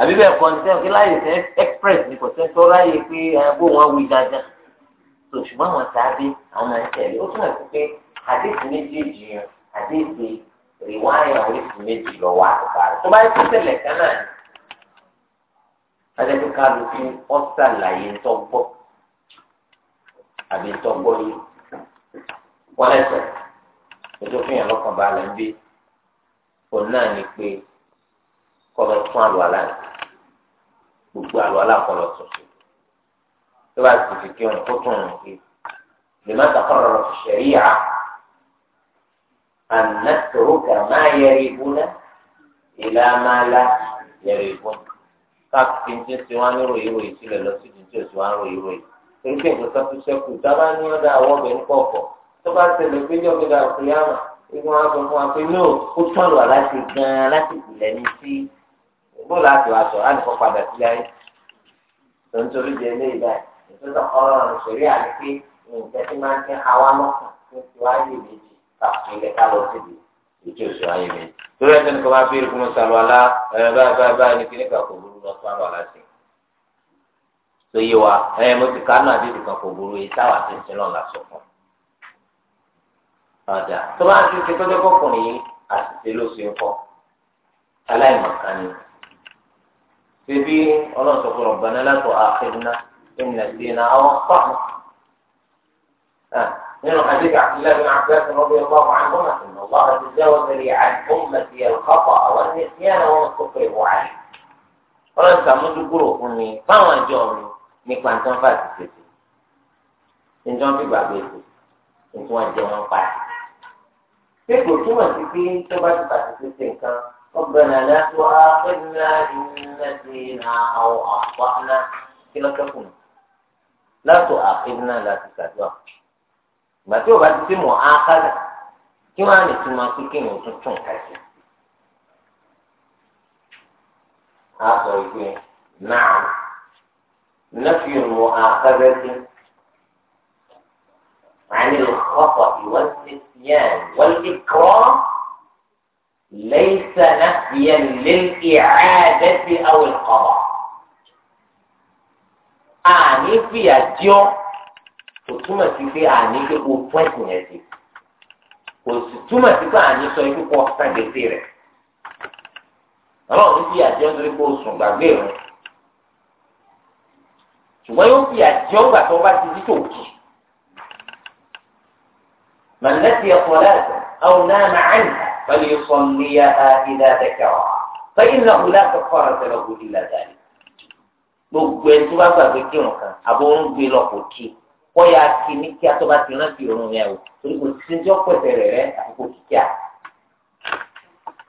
àbí bẹ́ẹ̀ kọ́ ṣe ọ̀kí láyè fẹ́ express ní kò sẹ́ńtọ́ láyè pé bó wọn wí dandan tó ṣùgbọ́n àwọn sáábí àwọn máa ń tẹ̀lé ó túnbọ̀ sí pé àdéhùn méjèèjì yẹn àdéhùn ìwáyà oríṣi méjì lọ wá àgbàrá tó bá yẹ kó tẹ̀lẹ̀ kan náà ni adẹ́gbẹ́ kálukú ọ́ sàlàyé tọ́gbọ́ àbí tọ́gbọ́ yìí wọ́n lẹ́sẹ̀ ètò fìyàn lọ́kàn balẹ̀ ń bí kọlọ tún àlùwàlá ni gbogbo àlùwàlá kọlọ tuntun tó bá ti fi kí òun kó tún òun kí lè má sàkọrọ lọ sí sẹríyà ànátòrò kà má yẹri ibú náà ìlà má la yẹri ibú káàkiri tí ń ti wá ní ròyìn ròyìn sílẹ̀ lọ sí ìdíjọ́ tí wá ń ròyìn ròyìn torí pé nǹkan kan tó ṣẹ́kù dábàá ní ọ̀dà àwọn ọbẹ̀ ń pọ̀ pọ̀ tó bá tẹ̀lé pé ní ọ̀gbẹ̀dà òkè yàrá ìgbọ̀n àgbọ̀n fún wa pé ní ò ó tọ̀rọ̀ láti gan-an láti ìpìlẹ̀ ní sí bó láti wá sọ láti kọ́ padà sí ayé tó ń torí di eléyìí báyìí ìtọ́jú ọ̀rọ̀ ìṣòrí àti pé nǹkan tí máa ń tẹ́ àwa mọ́kàn tó ti wáyé méjì kàfé ilẹ̀ ká lọ síbi ìjì òṣù ayé méjì. torí ẹsẹ̀ nìkan máa béèrè fún mi sàlọ́ alá ẹ̀ báyìí báyìí báyìí ní kíníkà kò burú lọ sọ àlọ́ aláṣẹ. tó yé wa ẹ̀ mo ti kánú àdéhùn kan kò burú èyí táwa ti ń sin náà lásọ fún. tó bá ń ti ṣe tọ́jọ́ kọkùnrin yìí àṣìṣe ló ṣe ń kọ́ aláìmọ̀kan ni bíbí ọlọ́run sọ pé ọ̀gbọ́n aláàtọ̀ àkẹ́dùnà ìmìlẹ̀ sí iná àwọn pàmò. من حديث عبد الله بن عباس رضي الله عنهما ان الله تجاوز لي عن امتي الخطا والنسيان وما استكرهوا عليه. ولن تمد قلوبني فما جوني nípa nǹkan fà ti tètè nǹkan fi gbàgbé tè nǹkan jẹ wọn pa. pé kò túmọ̀ sí pé tó bá ti bàtí tètè nǹkan ربنا لا تؤاخذنا إن نسينا أو أخطأنا كلا كفنا لا تؤاخذنا لا تكذب ما تيو بعد تي مؤاخذة كما نسمى تكين وتشون كاسي آخر نعم نفي المؤاخذة عن الخطأ والنسيان والإكرام ليس نفيا للإعادة أو القضاء àní fìyà jọ kò túmọ̀ sí pé àní pé kò fún ẹ̀sìn yẹn sí kò sì túmọ̀ sí pé àní sọ ikú kọ san gbèsè rẹ̀ ọlọ́run fìyà jọ nítorí o ṣùgbọ́n yóò fìyà jọ gbà tó bá ti di tòkì màlẹ́tì ẹ̀kọ́ láti àwọn náà máa ń ta. فليصليها إذا ذكرها فإنه لا كفارة له إلا ذلك gbogbo ẹni tó bá gbàgbé kírun kan àbóorún gbé lọkọ kí kọyà kí ní kí atọ́ bá ti rántí òun yẹn o torí kò sí ní ọ̀pọ̀ ẹ̀sẹ̀ rẹ̀ àkókò kíkíà.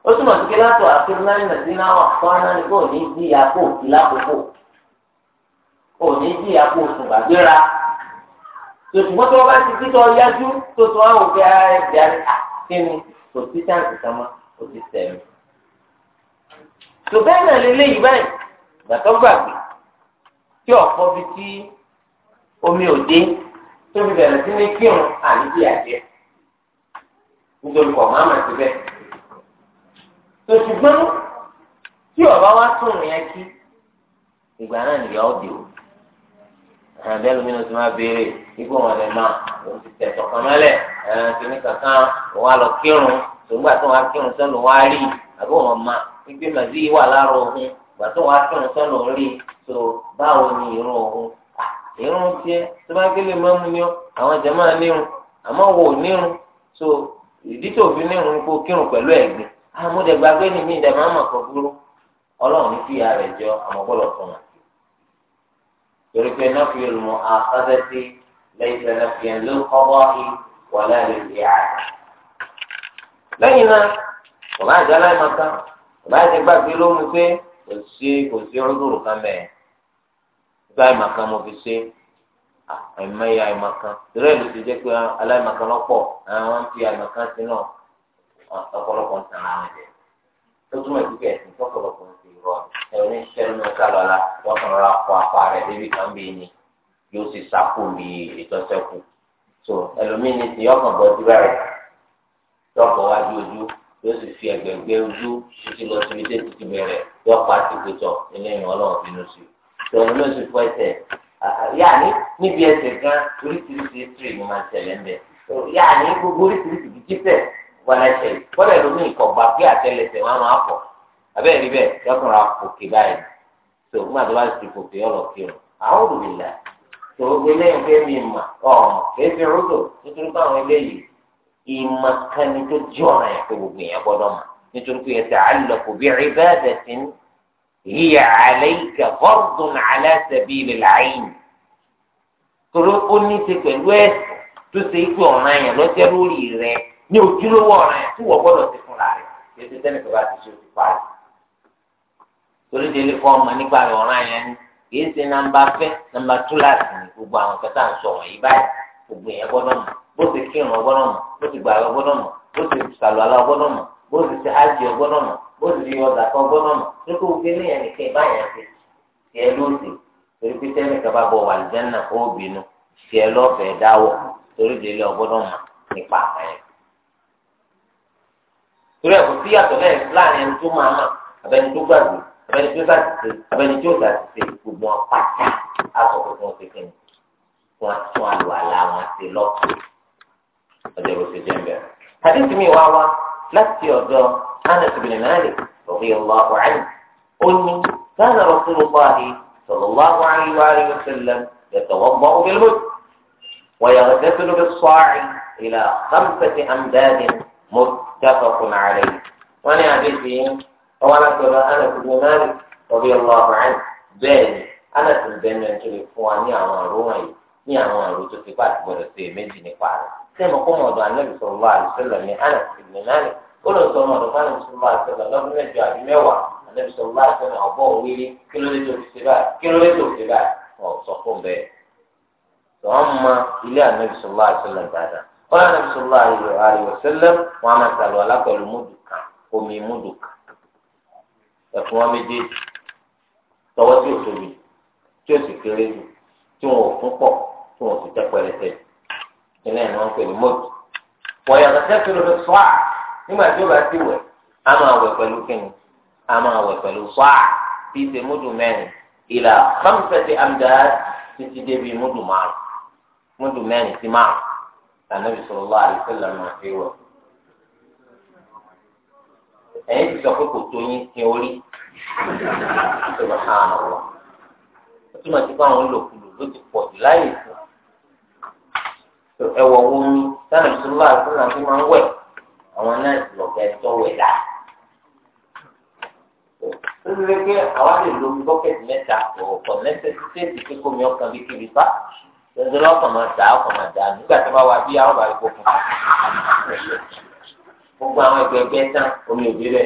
ó túmọ̀ sí pé látọ̀ àfihàn náà nàìjí náà wà fún aná ni kò ní jí àpò òkì lákòókò kò ní jí àpò òsùn gbàgbéra tòṣùgbọ́n tó bá ti títọ́ yájú tó tún àwọn òkè ah, ẹ̀ẹ́dẹ̀ àti ah, kíni kò sí táǹkì kan mọ́ ó ti sẹ̀mí. ṣùgbọ́n náà lélẹ́ yìí báyìí ìgbà tó gbàgbé tí ọ̀pọ̀ fi tí omi ò dé tó fi bẹ̀rẹ̀ sí ní kírun àníbí àjẹ́ nítorí kọ̀ máa mà síbẹ̀. ṣùgbọ́n tí ọba wa tún rìn yẹn kí ìgbà náà nìyà ó di òkú. ẹ̀ẹ́dẹ́ elu náà ti máa béèrè igbó wọn lè máa òun ti tẹ̀ mẹ́lẹ̀ ẹ̀ẹ́n kankan á lọ kírun ma gbígbé màdí yìí wà gbà tó á kírun sọ́nù rí báwo ni tiẹ̀ tó bá àwọn jẹ́ máa nírun àmọ́ wò nírun ìdí tó fi nírun kó kírun pẹ̀lú ìdẹ̀ máa mọ̀ kọ́ dúró torípé nọ́ọ̀fì olùmọ̀ àkọ́dẹ́sí lẹ́yìn nọ́ọ̀fì ló kọ́bọ́ yìí wọlé lè àná. lẹ́yìn náà bàbá àjọlá ẹ̀ mọ̀tán bàbá àti gbàgbé ló mú pé kò sí kò sí ọdúnrún kan bẹ́ẹ̀ nígbà ìmọ̀kan mo fi ṣe àìmọye àìmọ̀kan torí ẹ̀ ti jẹ́ pé aláìmọ̀kan lọ́pọ̀ àwọn fi àìmọ̀kan sí ọ̀pọ̀lọpọ̀ ń tan àwọn ẹ̀jẹ̀ tó túmọ̀ ìdúkẹ́ ìbọn ẹni sẹ́nu kálọ̀lá wọ́n kàn rà kó apá rẹ̀ débi kan bí ni yóò sì sáko bí ìtọ́sẹ́kù tó ẹlòmíní ti yọkàn bọ́ dúrà rẹ̀ yọkàn wájú ojú yóò sì fi ẹgbẹ̀gbẹ́ ojú títí lọ síbi tẹ́ ti ti bẹ̀rẹ̀ yọ pa àtìgbẹ́tọ̀ eléyìn ọlọ́run bínú sí i tó ẹni ló sì fọ ẹsẹ̀ yáàní níbi ẹsẹ̀ gan oríṣiríṣi tírì ni máa ń tẹ̀lé ń bẹ̀ yáàní gbogbo oríṣiríṣi jíjíṣẹ̀ wọlé ẹsẹ̀ gbọ́dọ̀ lómi ìkọ̀gbà bí àtẹlẹsẹ̀ wọn máa pọ̀ abẹ́rẹ́ rí bẹ́ẹ̀ yọkùnrin àpòkè báyìí tó fún àdúrà ti fòkè ọ̀rọ̀ kí o àwọn olùdílà tó eléyìí fẹ́ mi mà ọ̀mọ̀ kìí fi rúdò nítorí pé àwọn eléyìí ìmọ̀ kan ni tó jẹ́ ọ̀ràn yẹn pé gbogbo èèyàn gbọ́dọ̀ mọ̀ nítorí pé ẹ̀sẹ̀ àlọ́kù bí ìbáàdẹ̀ ti ń hiya àlẹ́yìíkà fọ́ọ̀dùn aláṣẹ̀bí ilẹ̀ àyìn torí ó ní ti pẹ̀lú ẹ̀sìn tó ṣe ikú torí délé kọ́ ọmọ nígbà rẹ̀ ọ̀ràn yẹn ni kìí ṣe nàmbà fẹ́ nàmbà túláàsì ni gbogbo àwọn kẹta ń sọ wọ̀nyí báyìí gbogbo yẹn gbọ́dọ̀ mọ̀ bó ti kírun ọgbọ́dọ̀ mọ̀ bó ti gbàgbọ́ gbọ́dọ̀ mọ̀ bó ti sàlùwàlà ọgbọ́dọ̀ mọ̀ bó ti ṣe ájì ọgbọ́dọ̀ mọ̀ bó ti yọ ọ̀dàkọ̀ ọgbọ́dọ̀ mọ̀ nípa òkè léyìn nìkan báyẹn ti tiẹ̀ lóde torí pé tẹ́lẹ̀ kaba bọ̀ wà lẹ́nà ó bínú tiẹ̀ lọ́fẹ̀ẹ́ dáwọ̀ torí délé ọgbọ́dọ̀ mọ̀ nípa àyẹ̀. torí ẹ̀kú sí yàtọ̀ lẹ́yìn láàrin ẹni tó máa mà àbẹ́ni tó gbàgbé abẹni tí ó sá ti ṣe abẹni tí ó sá ti ṣe gbogbo wọn pátá aṣọ tuntun ti kí ni wọn àlọ àlá wọn ti lọtọ ọjọ bó ṣe jẹ ń bẹ̀rẹ̀. hadith mi wá wá láti ọ̀dọ̀ anas bin malik radiyallahu anhu ó ní kana rasulullahi sallallahu alayhi wa sallam yatawadda'u bil-mud wa yaghtasilu bis-sa'i ila khamsati amdadin muttafaqun alayhi wọn ní àdéhùn ọwọ́ alágbọ̀dọ̀ Anas ibn Malik radiyallahu anhu bẹ́ẹ̀ ni Anas ibn bẹ́ẹ̀ ni kiri fún wa ní àwọn àrò wọ̀nyí ní àwọn àrò tó ti pa àtìgbọ̀dọ̀ sí èméjì nípa rẹ̀ sẹ́mi kó mọ̀ọ́dọ̀ Ànábì sallallahu alaihi wasallam ní Anas ibn Malik ó lọ sọ mọ̀ọ́dọ̀ fún Ànábì sallallahu alaihi wasallam lọ́dún mẹ́jọ àbí mẹ́wàá Ànábì sallallahu alaihi wasallam ọ̀bọ̀ òwúrí kí ló dé tó fi ṣe báyìí kí ló dé tó fi báyìí sọ fún bẹ́ẹ̀ wọ́n mọ ilé Ànábì sallallahu dáadáa wọ́n Ànábì sallallahu alaihi wasallam wọ́n á máa sàlọ́ alápẹ̀lú múdù omi múdù ẹ̀fọn wa méjèèjì tọwọ́ tí ò tóbi tí ò sì kéré jù tí wọn ò fún pọ̀ tí wọn ò sì tẹ́ pẹrẹsẹ̀ ilé ẹ̀ ni wọ́n ń pè ní mọ́tò wọ́n yàtọ̀ sẹ́sẹ̀ ló fi sọ́à nígbà tí ó bá ti wẹ̀ á máa wẹ̀ pẹ̀lú kíni á máa wẹ̀ pẹ̀lú sọ́à tí ì ṣe múdù ìlà khamsati amdad títí débi múdù márùn múdù mẹ́rin sí márùn lànà Ànábì sallallahu alaihi wasallam máa fi ẹ̀yin ti sọ pé kò tó yín sin orí ìṣòro hàn án wà ó túmọ̀ sí pé àwọn olùkulù ló ti pọ̀ jù láyè sí ẹ̀wọ̀ omi sani bisimilá àti sani àti máa ń wẹ̀ àwọn náà ti lọ̀gá ẹ̀tọ́ wẹ̀ dá ó ti lè pé àwa lè lo bọ́kẹ̀tì mẹ́ta ọ̀pọ̀ mẹ́tẹ́ sí téèdì pé kómi ọkàn bí kiri bá ṣẹ̀dọ̀ lọ́kàn máa dà ọkàn máa dà nígbà tó bá wà bí àwọn bá rí kó gbogbo àwọn ẹgbẹgbẹ tán omi òbí rẹ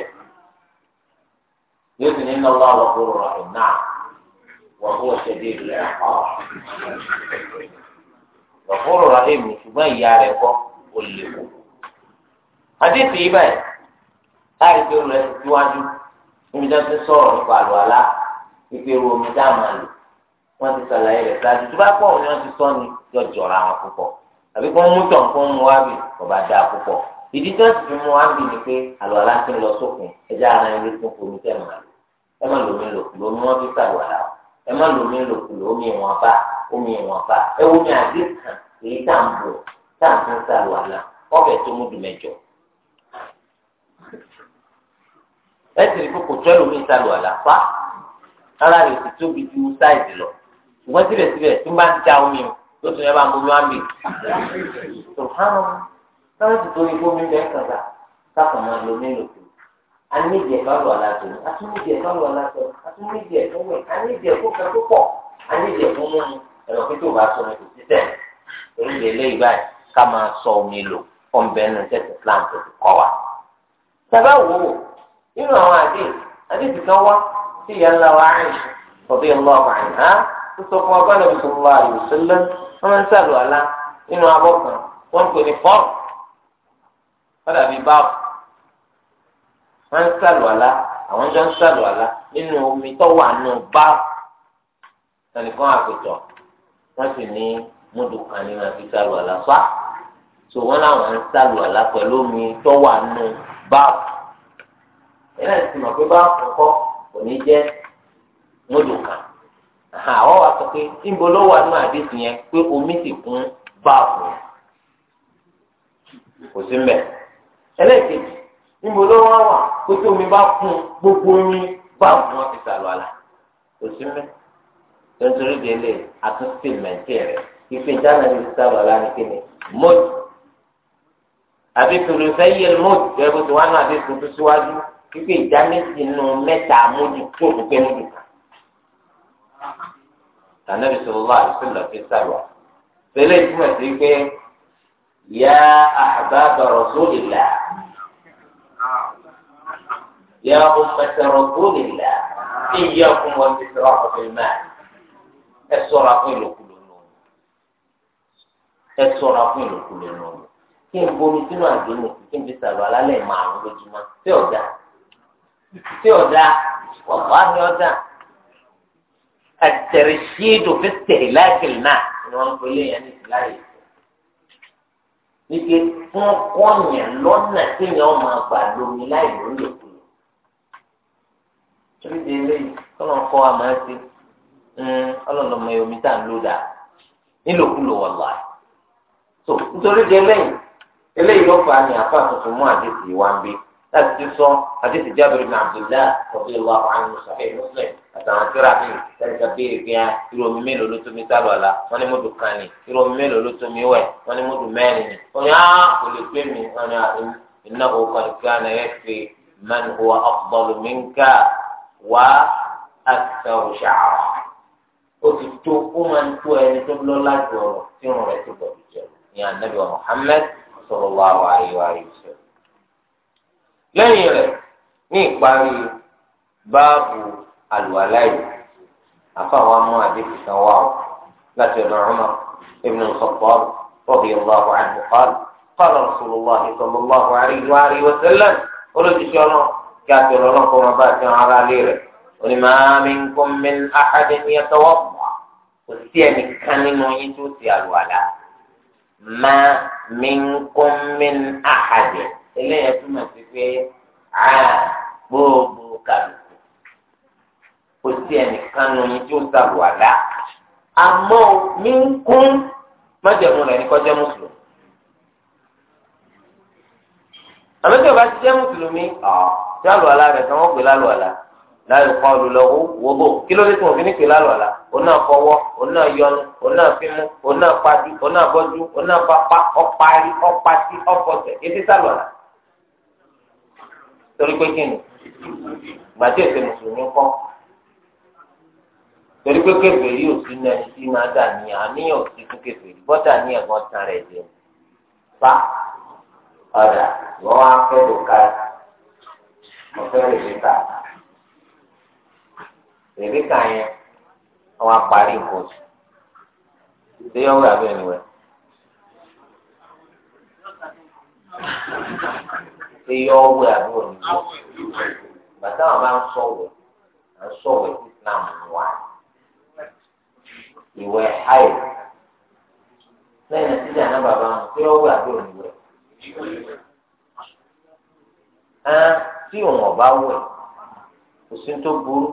yóò sì ní nọlọ àwọkúrò rẹ náà wọn kúrò ṣẹdí ìlú ẹ ọ wọkúrò rẹ mi ṣùgbọ́n ìyá rẹ kọ ó lè wò àdéhùn yìí báyìí láì pé olùrẹ ti síwájú níbi tí wọn ti sọ̀rọ̀ nípa àlọ àlá pípé ru omi dá màá lò wọn ti sàlàyé rẹ ṣáájú tó bá pọ̀ wọn ni wọn ti sọ ni yọjọra wọn púpọ̀ àbí kó ń mú tọ̀ kó ń mú wábì kó dáa púpọ̀ ìdí tó ti mú wa bì ní pé àlọ́ aláṣẹ lọ sókun ẹja ara ẹni tó kú ní tẹ̀mọ̀ àlọ́ ẹ má lómi lòkùlò omi wọn fi sàlùwàlà ẹ má lómi lòkùlò omi ìwọ̀n bá omi ìwọ̀n bá ẹ wo mi àdé kan èyí tá à ń bò tá à ń fi sàlùwàlà ọbẹ̀ tó mú dùmẹ̀jọ. ẹ sì rí kókò tó ẹlòmíì sàlùwàlà pa ara rẹ̀ sì tóbi ju sáìdì lọ ṣùgbọ́n síbẹ̀síbẹ̀ tó bá ń da omi o tó tún yẹ bá mú mi wá bì náà ti torí fómi bẹ́ẹ̀ kàdá kákan máa lo mélòó tó anídìí ẹ̀fọ́ àlọ́ aláṣọ ni atúnídìí ẹ̀fọ́ àlọ́ aláṣọ atúnídìí ẹ̀fọ́ wẹ̀ anídìí ẹ̀fọ́ kan tó pọ̀ anídìí ẹ̀fọ́ mú mi ẹ̀rọ pé tó bá sọ ní kò sí tẹ̀ torí lè lé ìgbà ká máa sọ omi lò fún bẹ́ẹ̀nù tẹ̀sí Islam tó ti kọ́ wa. sábà wò ó àwọn àdé àdé ti kan wá sí ìyá ńlá wa Àìṣà tọ́bí ọ̀dà bíi báwò wọ́n ń sàlù àlá àwọn jọ ń sàlù àlá nínú omi tó wà nù báwò tẹnìkan àpètọ̀ wọ́n sì ní múdùkan nínú àti sàlù àlá fa so wọ́n làwọn ń sàlù àlá pẹ̀lú omi tó wà nù báwò ẹ̀rọ ìsìnkú pé báwò kọ̀ọ̀kọ́ kò ní jẹ́ múdùkan àwọn wa sọ pé níbo ló wà nù àdéhùn yẹn pé omi sì kún báwò kò sí mbẹ́ ẹlẹ́ẹ̀kejì níbo ló wá wà pé tí omi bá kún gbogbo omi bá kún wọn fi sàlọ́ àlà kò sí mẹ́ nítorí délé àtúntì mẹ́tì rẹ̀ ìpè dáná ní sàlọ́ àlà ní kíni mọ́tò àbí tòlù sẹ́yìn mọ́tò bẹ́ẹ̀ bó ti wá náà àti tuntun síwájú ìpè ìdá nù mẹ́ta mọ́tò tó kù pé mọ́tò kan. Ànábì sọlọ́lá àdìsílọ̀ fi sàlọ́ tẹ́lẹ̀ túmọ̀ sí pé yá àbá bàrọ̀ sólè là. يا أمة رسول الله إياكم والإسراف في المال السرعة في الكل ẹ sọra fún ìlòkulò ìrànwọ́ kí n bomi sínú àgbélé kí n fi sàlù alálẹ̀ márùn lójúmọ́ tí ọ̀dà tí ọ̀dà wàhálà ni ọ̀dà àtẹ̀rẹ̀ṣídò fi tẹ̀lé láìpẹ̀lẹ̀ náà ni wọ́n ń pè é yẹn ní ìsìláyè wípé fún ọkọ̀ọ̀yàn lọ́nà tí yẹn máa gbà lómi láì lóyè kú torí di eléyìí kọ́lọ́n kọ́ wa máa ọlọ́run ọmọ yomi tá ń lò dà nílòkulò wà nítorí di eléyìí eléyìí sọ àdéhùn ọ̀bí ìwà Muslim àtàwọn mi ah, omi mélòó ló tó mi la omi mélòó ló tó mi wẹ̀ wọ́n ní mọ́tò mẹ́rin wọ́n ah, kò lè mi wọ́n ní ah, wà àtẹ òṣàrà ó ti tó ó máa ń tó ẹni tó lọ́lá ju ọ̀rọ̀ tí irun rẹ̀ ti gbọ̀dọ̀ jẹ ní anabi Muhammad sallallahu alaihi wa sallam. lẹ́yìn rẹ̀ ní ìparí báàbù àlùwàláyé àfàwọn amú àdéhùn kan wà ó láti ọ̀dọ̀ Umar ibn al-Khattab radiyallahu anhu qala qala rasulullah sallallahu alaihi wa sallam olójúṣe ọlọ́run kí a ti rọrùn kó wọn bá ti hàn ara lé rẹ̀ òní máa mi ń kó mi ní àkàdé ní ẹ tọwọ́ mọ́ kò sí ẹnìkan nínú yín tó ti àlùwàlà máa mi ń kó mi ní àkàdé eléyẹ túmọ̀ sí pé a gbogbo kàlùkù kò sí ẹnìkan nínú yín tó ti àlùwàlà àmọ́ mi ń kún májẹ̀mú rẹ̀ ní kọjá mùsùlùmí. àmọ́ tí o bá ti jẹ́ mùsùlùmí ọ̀ tí àlùwàlá rẹ̀ tí wọ́n pè lálùwàlá láyò kọ́ olùlọ́wọ́ wọ́bọ̀ kí ló dé tí wọ́n fi ní pè lálùwàlá òun náà fọwọ́ òun náà yọnu òun náà fimú òun náà padi òun náà bọ́jú òun náà papá ọparí ọpatí ọpọtẹ etí sálùwàlá torí pé kí ni gbàdé ètò mùsùlùmí kọ́ torí pé kèfèrí yóò sí náà sí máa dà àníyàn ò sí fún kèfèrí bọ́dà ní ẹ̀gbọ́n tán rẹ̀ jẹun fa ọ̀dà wọ́n á fẹ́ lò káyà ọ̀fẹ́ rèbíkà rèbíkà yẹn àwọn apárí nǹkan oṣù ṣé yọ wẹ̀ abẹ́ ìwẹ̀ ṣé yọ wẹ̀ abẹ́ ìwẹ̀ bàtà wọn bá ń sọ̀wẹ̀ ń sọ̀wẹ̀ Islam wà ìwẹ̀ ayé lẹ́yìn tí ìjà náà bàbá wọn ṣé yọ wẹ̀ abẹ́ tí òun ọba wẹ̀ kò sí tó burú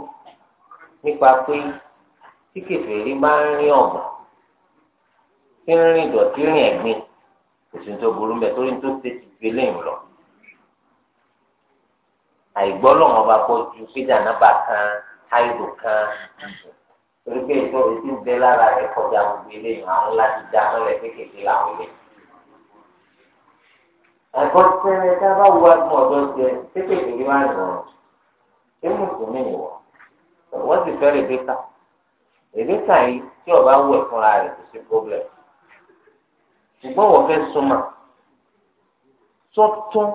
nípa pé tí kèfèrí máa ń rin ọ̀gbà tí ń rìn ìdọ̀tí rìn ẹ̀gbin kò sí tó burú mbẹ torí tó ṣe ti fi léyìn lọ. àìgbọ́ lọ́wọ́ ọba pọ̀ ju fídà náà bá kan áìdò kan torí pé ìtọ́ ìdí ń bẹ lára rẹ̀ kọjá gbogbo eléyìn àwọn láti dá mọ́lẹ̀ kékeré láwọn eléyìí àgọ́ sẹ́ni tá a bá wá mú ọ̀dọ́ jẹ kékeré yìí máa nù ọ́ ṣé mùsùlùmí ni wọ́n wọ́n sì fẹ́ rèbíkà rèbíkà yìí tí ọba wù ẹ̀ fúnra rẹ̀ kò sí problem ṣùgbọ́n wọ́n fẹ́ súnmọ́ sọ́tún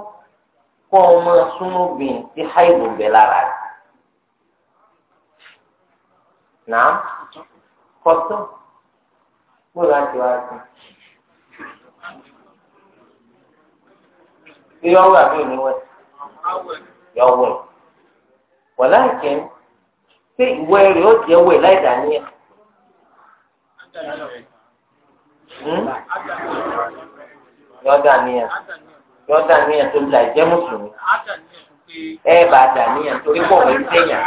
kọ́ ọmọ súnmọ́bìn tí háìbù bẹ̀ lára rẹ̀ náà kọ́tún gbọ́dọ̀ àti wá sí i. ṣé yọ wẹ̀ àbí òní wẹ̀ yọ wẹ̀ wọ̀lá ìkẹ́ ṣé ìwẹ̀ rẹ̀ ó jẹ́ wẹ̀ láì dàníyà hmm? yọ dàníyà yọ dàníyà tó la ìjẹ́ mùsùlùmí ẹ bá dàníyà torí pọ̀ wẹ́ sẹ́yà.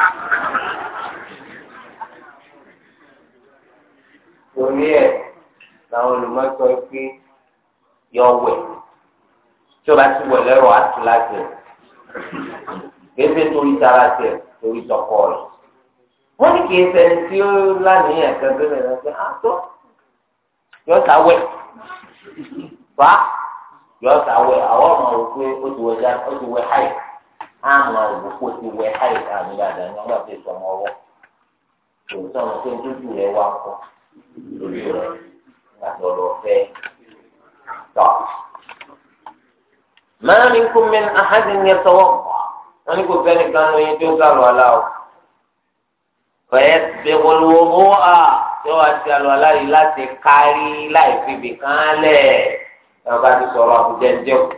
torí ẹ̀ làwọn olùmọ̀ sọ pé yọ wẹ̀ tí o bá ti wẹ̀ lẹ́rọ àti láti torí tara torí tọkọ rẹ̀ wọ́n ní kì í ṣẹni tí ó lánìyàn kẹ́kẹ́ rẹ̀ lọ́sẹ̀ àtọ́ yọ sáwẹ̀ fa yọ sáwẹ̀ àwọn ọmọ rò pé ti wẹ̀ já ó ti wẹ̀ háì àmọ́ òwò ti wẹ̀ háì àmì dáadáa ní ọgbà tó sọmọ ọwọ́ òwúrọ̀ ọmọ tó ń tójú rẹ̀ wá kọ́ lórí rẹ̀ nígbà lọ fẹ́ tọ́. ما منكم من أحد يتوضأ ونقول فين كانوا يتوكلوا على فيسبغ الوضوء yóò wá sí àlùwàlá yìí láti kárí láì fìbì kan lẹ̀ náà bá ti sọ̀rọ̀ àbújá ń jẹun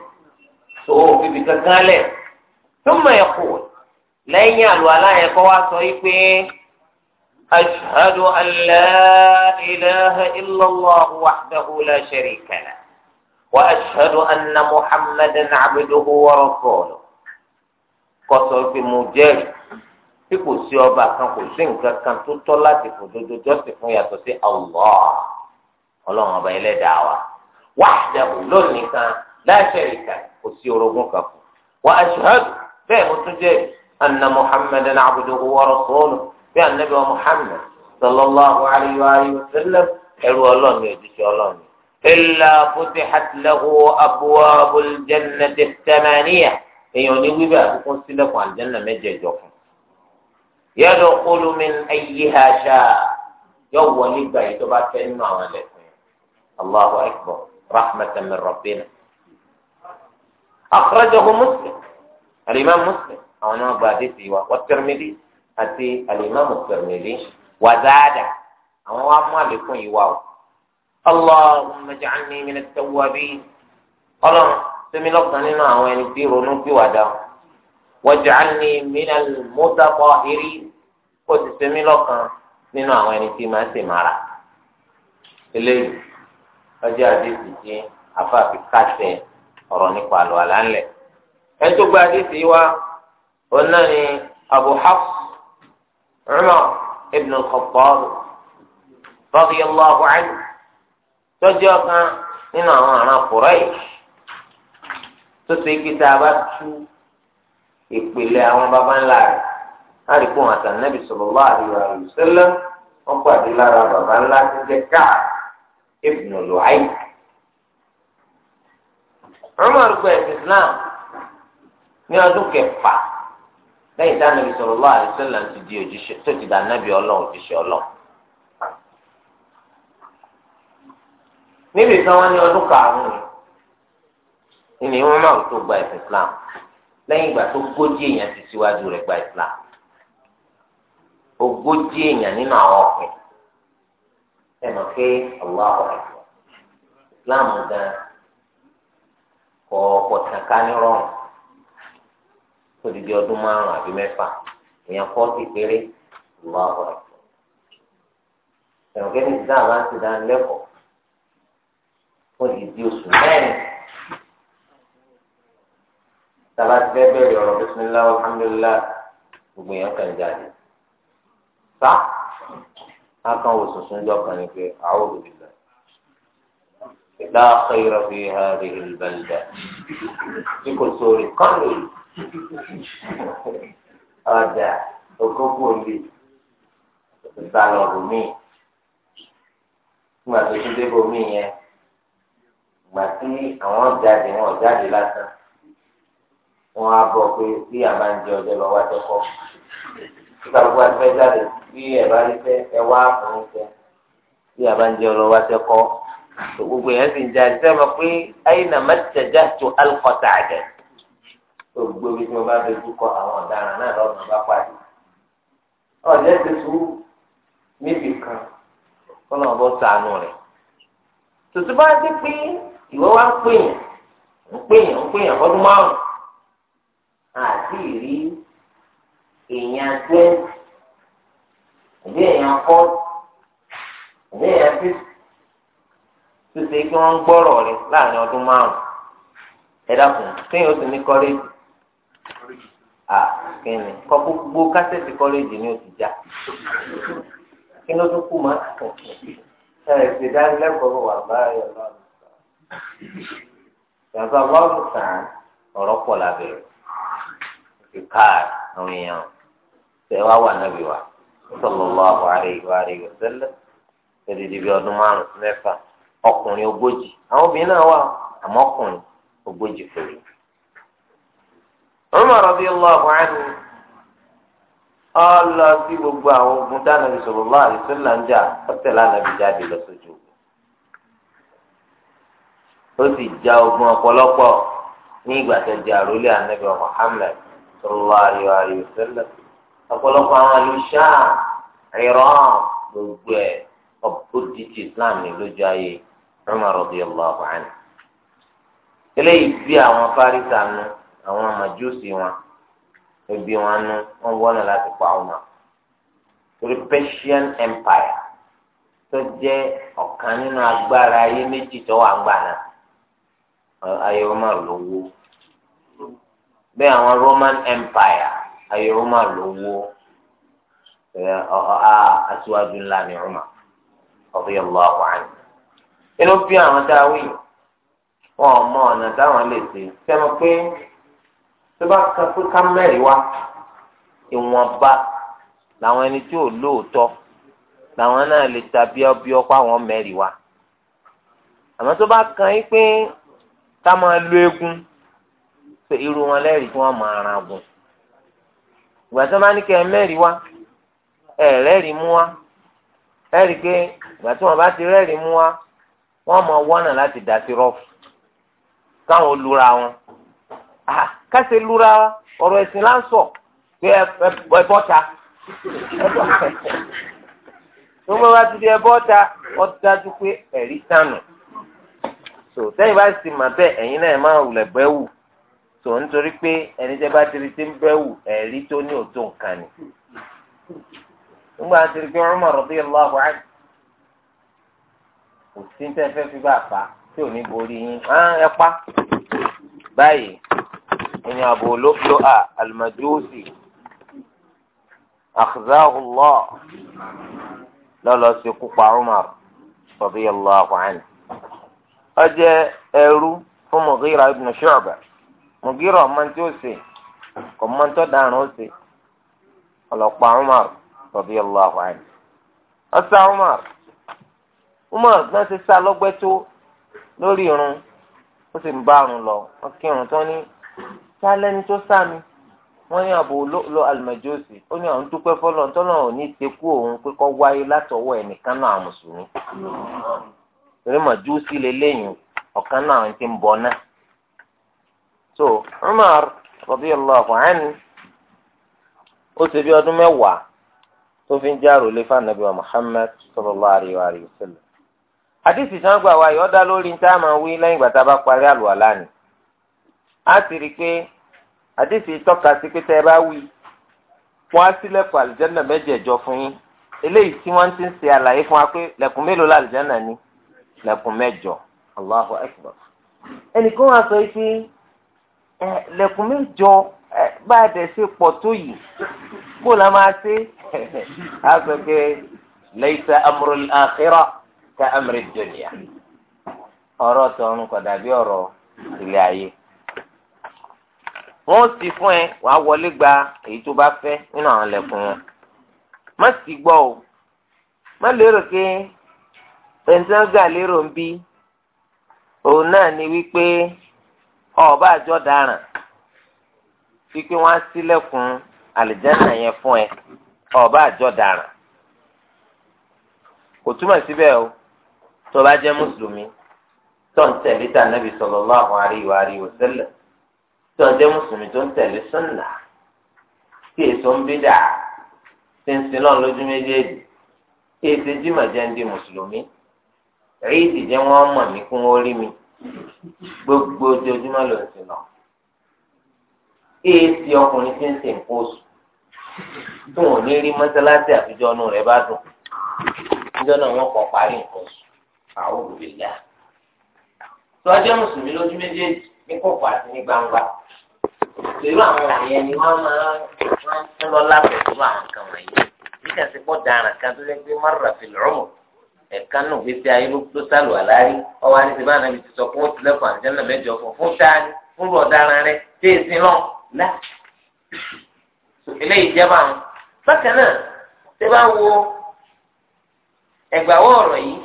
tó o fìbì kankan lẹ̀ tó mọ̀ ẹ̀ kù lẹ́yìn àlùwàlá yẹn kọ́ wá sọ yìí pé ashhadu an la ilaha illallah wahdahu la sharika lah. وأشهد أن محمدا عبده ورسوله kọsọ pé mo jẹ́rìí tí kò sí ọba kan kò sí nǹkan kan tó tọ́ láti fòdodo jọ́sìn fún yàtọ̀ sí Allah ọlọ́run ọba ẹlẹ́dàá wa wahdahu lónìí kan la sharika kò sí orogún kan fún wa ashhadu bẹ́ẹ̀ mo tún jẹ́rìí anna muhammadan abduhu wa rasuluhu bí anabi wa muhammad sallallahu alayhi wa sallam ẹrú ọlọ́run ní ojúṣe ọlọ́run إلا فتحت له أبواب الجنة الثمانية إيه نيوي بقى تكون سلف عن الجنة مجا جوكم يدخل من أيها شاء يوم نبقى يتبقى كأنه الله أكبر رحمة من ربنا أخرجه مسلم الإمام مسلم أو نوع بعدي والترمذي أتي الإمام الترمذي وزاد أو ما لكم يواو اللهم اجعلني من التوابين ọlọ́run sẹ́mi lọ́kàn nínú àwọn ẹni tí ronú bí wà dá waj'alni minal mutatahhirin kó o sì sẹ́mi lọ́kàn nínú àwọn ẹni tí máa ń sè mara eléyìí ọjọ́ àdéhùn ti afáàfin kásẹ̀ ọ̀rọ̀ nípa àlọ́ àlàálẹ̀ ẹni tó gba àdéhùn wa òun náà ni Abu Hafs Umar ibn al-Khattab radiyallahu anhu tọ́jú ọ̀kan nínú àwọn àrùn Quraysh tó ṣe kí tá a bá tú ìpìlẹ̀ àwọn baba ńlá rẹ̀ láti kó àtà nẹ́bí sallallahu alaihi wasallam wọ́n pàdé lára baba ńlá tó jẹ́ káà ibn Lu'ay. Umar gba ẹ̀sìn Islam ní ọdún kẹfà lẹ́yìn tá a nẹ́bí sallallahu alaihi wasallam ti di òjíṣẹ́ tó ti dà nẹ́bí ọlọ́run òjíṣẹ́ ọlọ́run. níbi kan wọn ní ọdún karùnún ni na wọn máa tó gba Islam lẹ́yìn ìgbà tó ogójì èèyàn ti Islam ogójì èèyàn nínú àwọn ọkùnrin ẹ pé Allahu Islam gan kọ ọkọ ká ní rọrùn tó di di ọdún márùn àbí èèyàn ti péré pé ní Islam ó di oṣù mẹ́rin tàbá ti fẹ́ ọ̀rọ̀ bisimilá alhamdulilá gbogbo yẹn kàn jáde sá a wò sùnsùn jọ kan ní pé àwọn òbí la ìlà xeyìrọ fi hà rí ìbàlùdà tí kò sóore kán lè ọjà òkókó lè ìsàlọ̀ bùnmí nígbà tó tún dé yẹn. gbà tí àwọn jáde wọn jáde lásán wọn á bọ pé bí a máa ń jẹ ọjọ́ lọ wá tẹkọ nígbà gbogbo àti fẹ́ jáde bí ẹ bá rí fẹ́ ẹ wá fún fẹ́ bí a máa ń jẹ ọjọ́ wá tẹkọ gbogbo yẹn sì ń jáde sẹ́yìn mọ̀ pé ayé nà má tẹ̀já tó alùpàtà àjẹ gbogbo ibi tí mo bá dojú kọ àwọn ọ̀daràn náà lọ́nà bá pàdé ọ̀jẹ́ ti tú níbì kan kọ́nà sànù rẹ̀ tòtú bá dé pé ìwọ wá ń pèèyàn ń pèèyàn ń pèèyàn fọdún márùn àti ìrí èèyàn twenty ìdí èèyàn forty ìdí èèyàn fifty tó ṣe kí wọ́n ń gbọ́rọ̀ rẹ láàrin ọdún márùn ẹ dákun kéèyàn ó sì ní kọ́lẹ́jì à kíni kọ́ gbogbo kásẹ̀tì kọ́lẹ́jì ni ó ti já kí ló tún kú mọ́ ẹ̀ ṣèdánilẹ́kọ̀ọ́ wà báyọ̀ náà. yàtọ̀ báwo sàn ọ̀rọ̀ pọ̀ lábẹ́ òkè káàdì àwọn èèyàn tẹ̀ wá wà nábì wa sallallahu alaihi wa alihi wa sallam tẹ̀lẹ́dì bíi ọdún márùn sí ọkùnrin ogójì àwọn obìnrin náà wà àmọ́ ọkùnrin ogójì péré. Umar radiyallahu anhu ọ lọ sí gbogbo àwọn ogun dáná ń jà jáde lọ sójú ó sì ja ogun ọpọlọpọ ní ìgbà tó di àrólé ànábì Muhammad sallallahu alaihi wasallam àwọn Iran gbogbo ẹ̀ ọ̀pọ̀dì ti Islam ní lójú ayé Umar radiyallahu anhu. eléyìí bí àwọn fárísà nu àwọn màjúsì wọn ebi wọn nu wọn wọnà láti pa ọmọ torí Persian Empire tó jẹ́ ọ̀kan nínú agbára ayé ayé Umar ló wó bẹ́ẹ̀ àwọn Roman Empire ayé Umar ló wó aṣíwájú ńlá ni Umar radiyallahu anhu inú bí àwọn dáwì wọn ò mọ ọ̀nà táwọn lè ṣe sẹ́mi pé tó bá kan pé ká mẹ́rin wá ìwọ̀nba làwọn ẹni tí ò lóòótọ́ làwọn náà lè ta bíọ́bíọ́ pa àwọn mẹ́rin wá àmọ́ tó bá kan yín pé. ká máa lu eégún ṣe irú wọn lẹ́rìí tí wọ́n máa ara gùn ìgbà tí wọ́n bá ní kẹ́ ẹ mẹ́rìí wá ẹ rẹ́rìí mú wá ẹ̀rìí pé ìgbà tí wọ́n bá ti rẹ́rìí mú wá wọ́n máa wọ́nà láti dá sí rọ́ọ̀fù káwọn wọn ah, lura ọ̀rọ̀ ẹ̀sìn láǹsọ̀ pé ẹ bọ́ta tó bá ti di ẹ bọ́ta so sẹ́yìn bá sì mà bẹ́ẹ̀ ẹ̀yin náà máa wulẹ̀ bẹ́ẹ̀ wù so nítorí pé ẹni tẹ́ bá tiri tí ń bẹ́ẹ̀ wù ẹ̀rí tó ní òtó nǹkan ni nígbà tí pé Umar radiyallahu anhu kò sí tẹ́ fẹ́ fi bá pa tí ò ní borí yín ẹ pa báyìí ìní Abu Lu'lu'a al-Majusi akhzahu lọ́lọ́ sí kúpa Umar radiyallahu anhu. ọjẹ ẹrú fún Mughira ibn Shu'ba Mughira ọmọ tí ó ose kò mọ tó ose ó ọlọpàá Umar radiyallahu anhu ọsà Umar Umar náà ti sá lọgbẹ tó lórí irun ó sì ń bá irun lọ wọn kí irun tó ní tó sá mi wọn ní ó ní àwọn fọlọ torí màjúsí lélẹ́yìn ọ̀kan náà ti bọ̀ náà. so Umar radiyallahu anhu ó ti bí ọdún mẹ́wàá tó fi ń járò lé fànàbí wa Muhammad sallallahu alayhi wa sallam. àdìsí sàn gbà wá yọ̀ọ́dá lórí ní táwọn máa wí lẹ́yìn ìgbà tá a bá parí àlùwàlá ni. a sì rí i pé àdìsí tọ́ka sí pé tẹ́ ẹ bá wí wọ́n á sílẹ̀kùn àlùjànnà mẹ́jẹ̀ẹ̀jọ fún yín eléyìí tí wọ́n ti ń ṣe àlàyé fún wa pé lẹ̀kùn mélòó làlùjànnà ni lẹ́kùn mẹ́jọ Allahu Akbar ẹnìkan wá sọ pé ẹ ẹ bá a ṣe tó yìí kó la máa ṣe á sọ pé ka amrud dunya ọ̀rọ̀ tọ̀run kò dàbí ọ̀rọ̀ ilé ayé wọn fún ẹ wàá wọlé gba èyí tó bá fẹ nínú àwọn o má lérò pé. ẹnìtàn gà lérò ń bí òun náà ni wípé ọba àjọ dáràn wípé wọn á ṣílẹ̀kùn àlìjáná yẹn fún ọba àjọ dáràn o tó bá jẹ́ mùsùlùmí tó ń tẹ̀lé tà nàbì sallallahu alaihi wa alihi wa tó ń jẹ́ mùsùlùmí tó ń tẹ̀lé sùnnà tí èso ń bí dà tí ń sin lọ́n lójú méjèèjì èyí sì jẹ́ wọ́n mọ̀ mí kún orí mi gbogbo ojoojúmọ́ ló ń sìn lọ. èyí ti ọkùnrin tí ń sìn kó sùn tó wọn ní rí mọ́sálásí àfijọ́ ọ̀nù rẹ̀ bá dùn níjọ́ náà wọ́n kọ́ parí nǹkan sùn àwọn olùdílé. tọ́jú mùsùlùmí lójú méjèèjì ní kọ̀kọ̀ àti ní gbangba. ìṣèlú àwọn ìyẹn ni wọ́n máa ń lọ lápẹ̀ fún àwọn kan wọ̀nyí. bí kàṣípọ̀ daràn kan tó lẹ́gbẹ́ ẹ̀ka náà gbèsè ayé ló sálù àlárí ọwọ́ àti tìbá nàbì ti sọ pé ó ti lẹ́kọ̀ọ́ àjẹ́nà mẹ́jọ fún fún sáárì fún ọ̀daràn rẹ tí èsì náà lá. eléyìí jẹ́bà ń bákan náà ṣé bá wo ẹ̀gbàwọ́ ọ̀rọ̀ yìí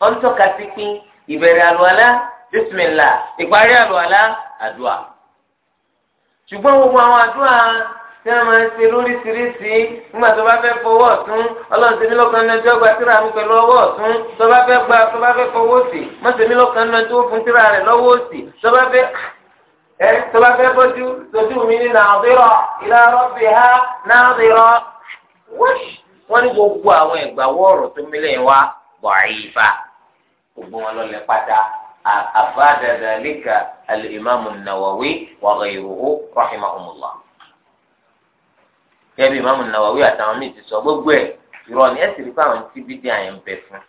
wọ́n tọ́ka sí pé ìbẹ̀rẹ̀ àlùwàlá bísímìlà ìparí àlùwàlá àdúà ṣùgbọ́n gbogbo àwọn àdúà tí wọn máa ń ṣe lóríṣiríṣi nígbà tó bá fẹ́ fọwọ́ ọ̀tún ọlọ́run tèmi lọ́kàn náà tí ó gba tíra mi pẹ̀lú ọwọ́ ọ̀tún tó bá fẹ́ gba tó bá fẹ́ fọwọ́ òsì má tèmi lọ́kàn náà tí ó fún tíra rẹ̀ lọ́wọ́ òsì tó bá fẹ́ ẹ tó bá fẹ́ bójú tójú mi ní nàdírọ̀ ìlà rọ́bì ha nàdírọ̀ wọ́n ní gbogbo àwọn ìgbà wọ́ọ̀rọ̀ tó mílẹ̀ wá bọ̀ àyífa gbogbo wọn lọ́lẹ̀ kẹ́bí ìmáàmù Nawawi àtàwọn míì ti sọ gbogbo ẹ̀ ìrọ̀ ni ẹ̀ sì rí fáwọn tí bídí àyẹ̀ bẹ fún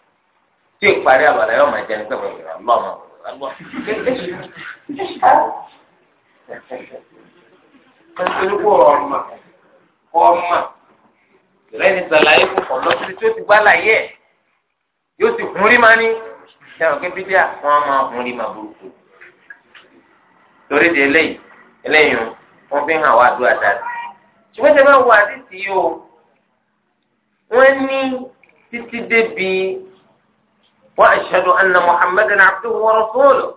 tí ìparí àbàlẹ̀ yóò máa jẹun pẹ̀lú ìrọ̀ lọ́mọ. nítorí kó ọmọ ọmọ ìrẹ́ni sàlàyé fún ọlọ́sí tó ti gbá láyé ẹ̀ yóò sì hun rí máa ní sẹ́wọ̀n kí bídíà wọ́n máa hun rí máa burúkú. torí di eléyìí eléyìí wọ́n fi hàn wá dúró àdáyé. ṣùgbọ́n tẹ bá wọ àdìsí yìí o wọ́n ní títí débi wa ashhadu anna muhammadan abduhu wọ́rọ̀ rasuluhu.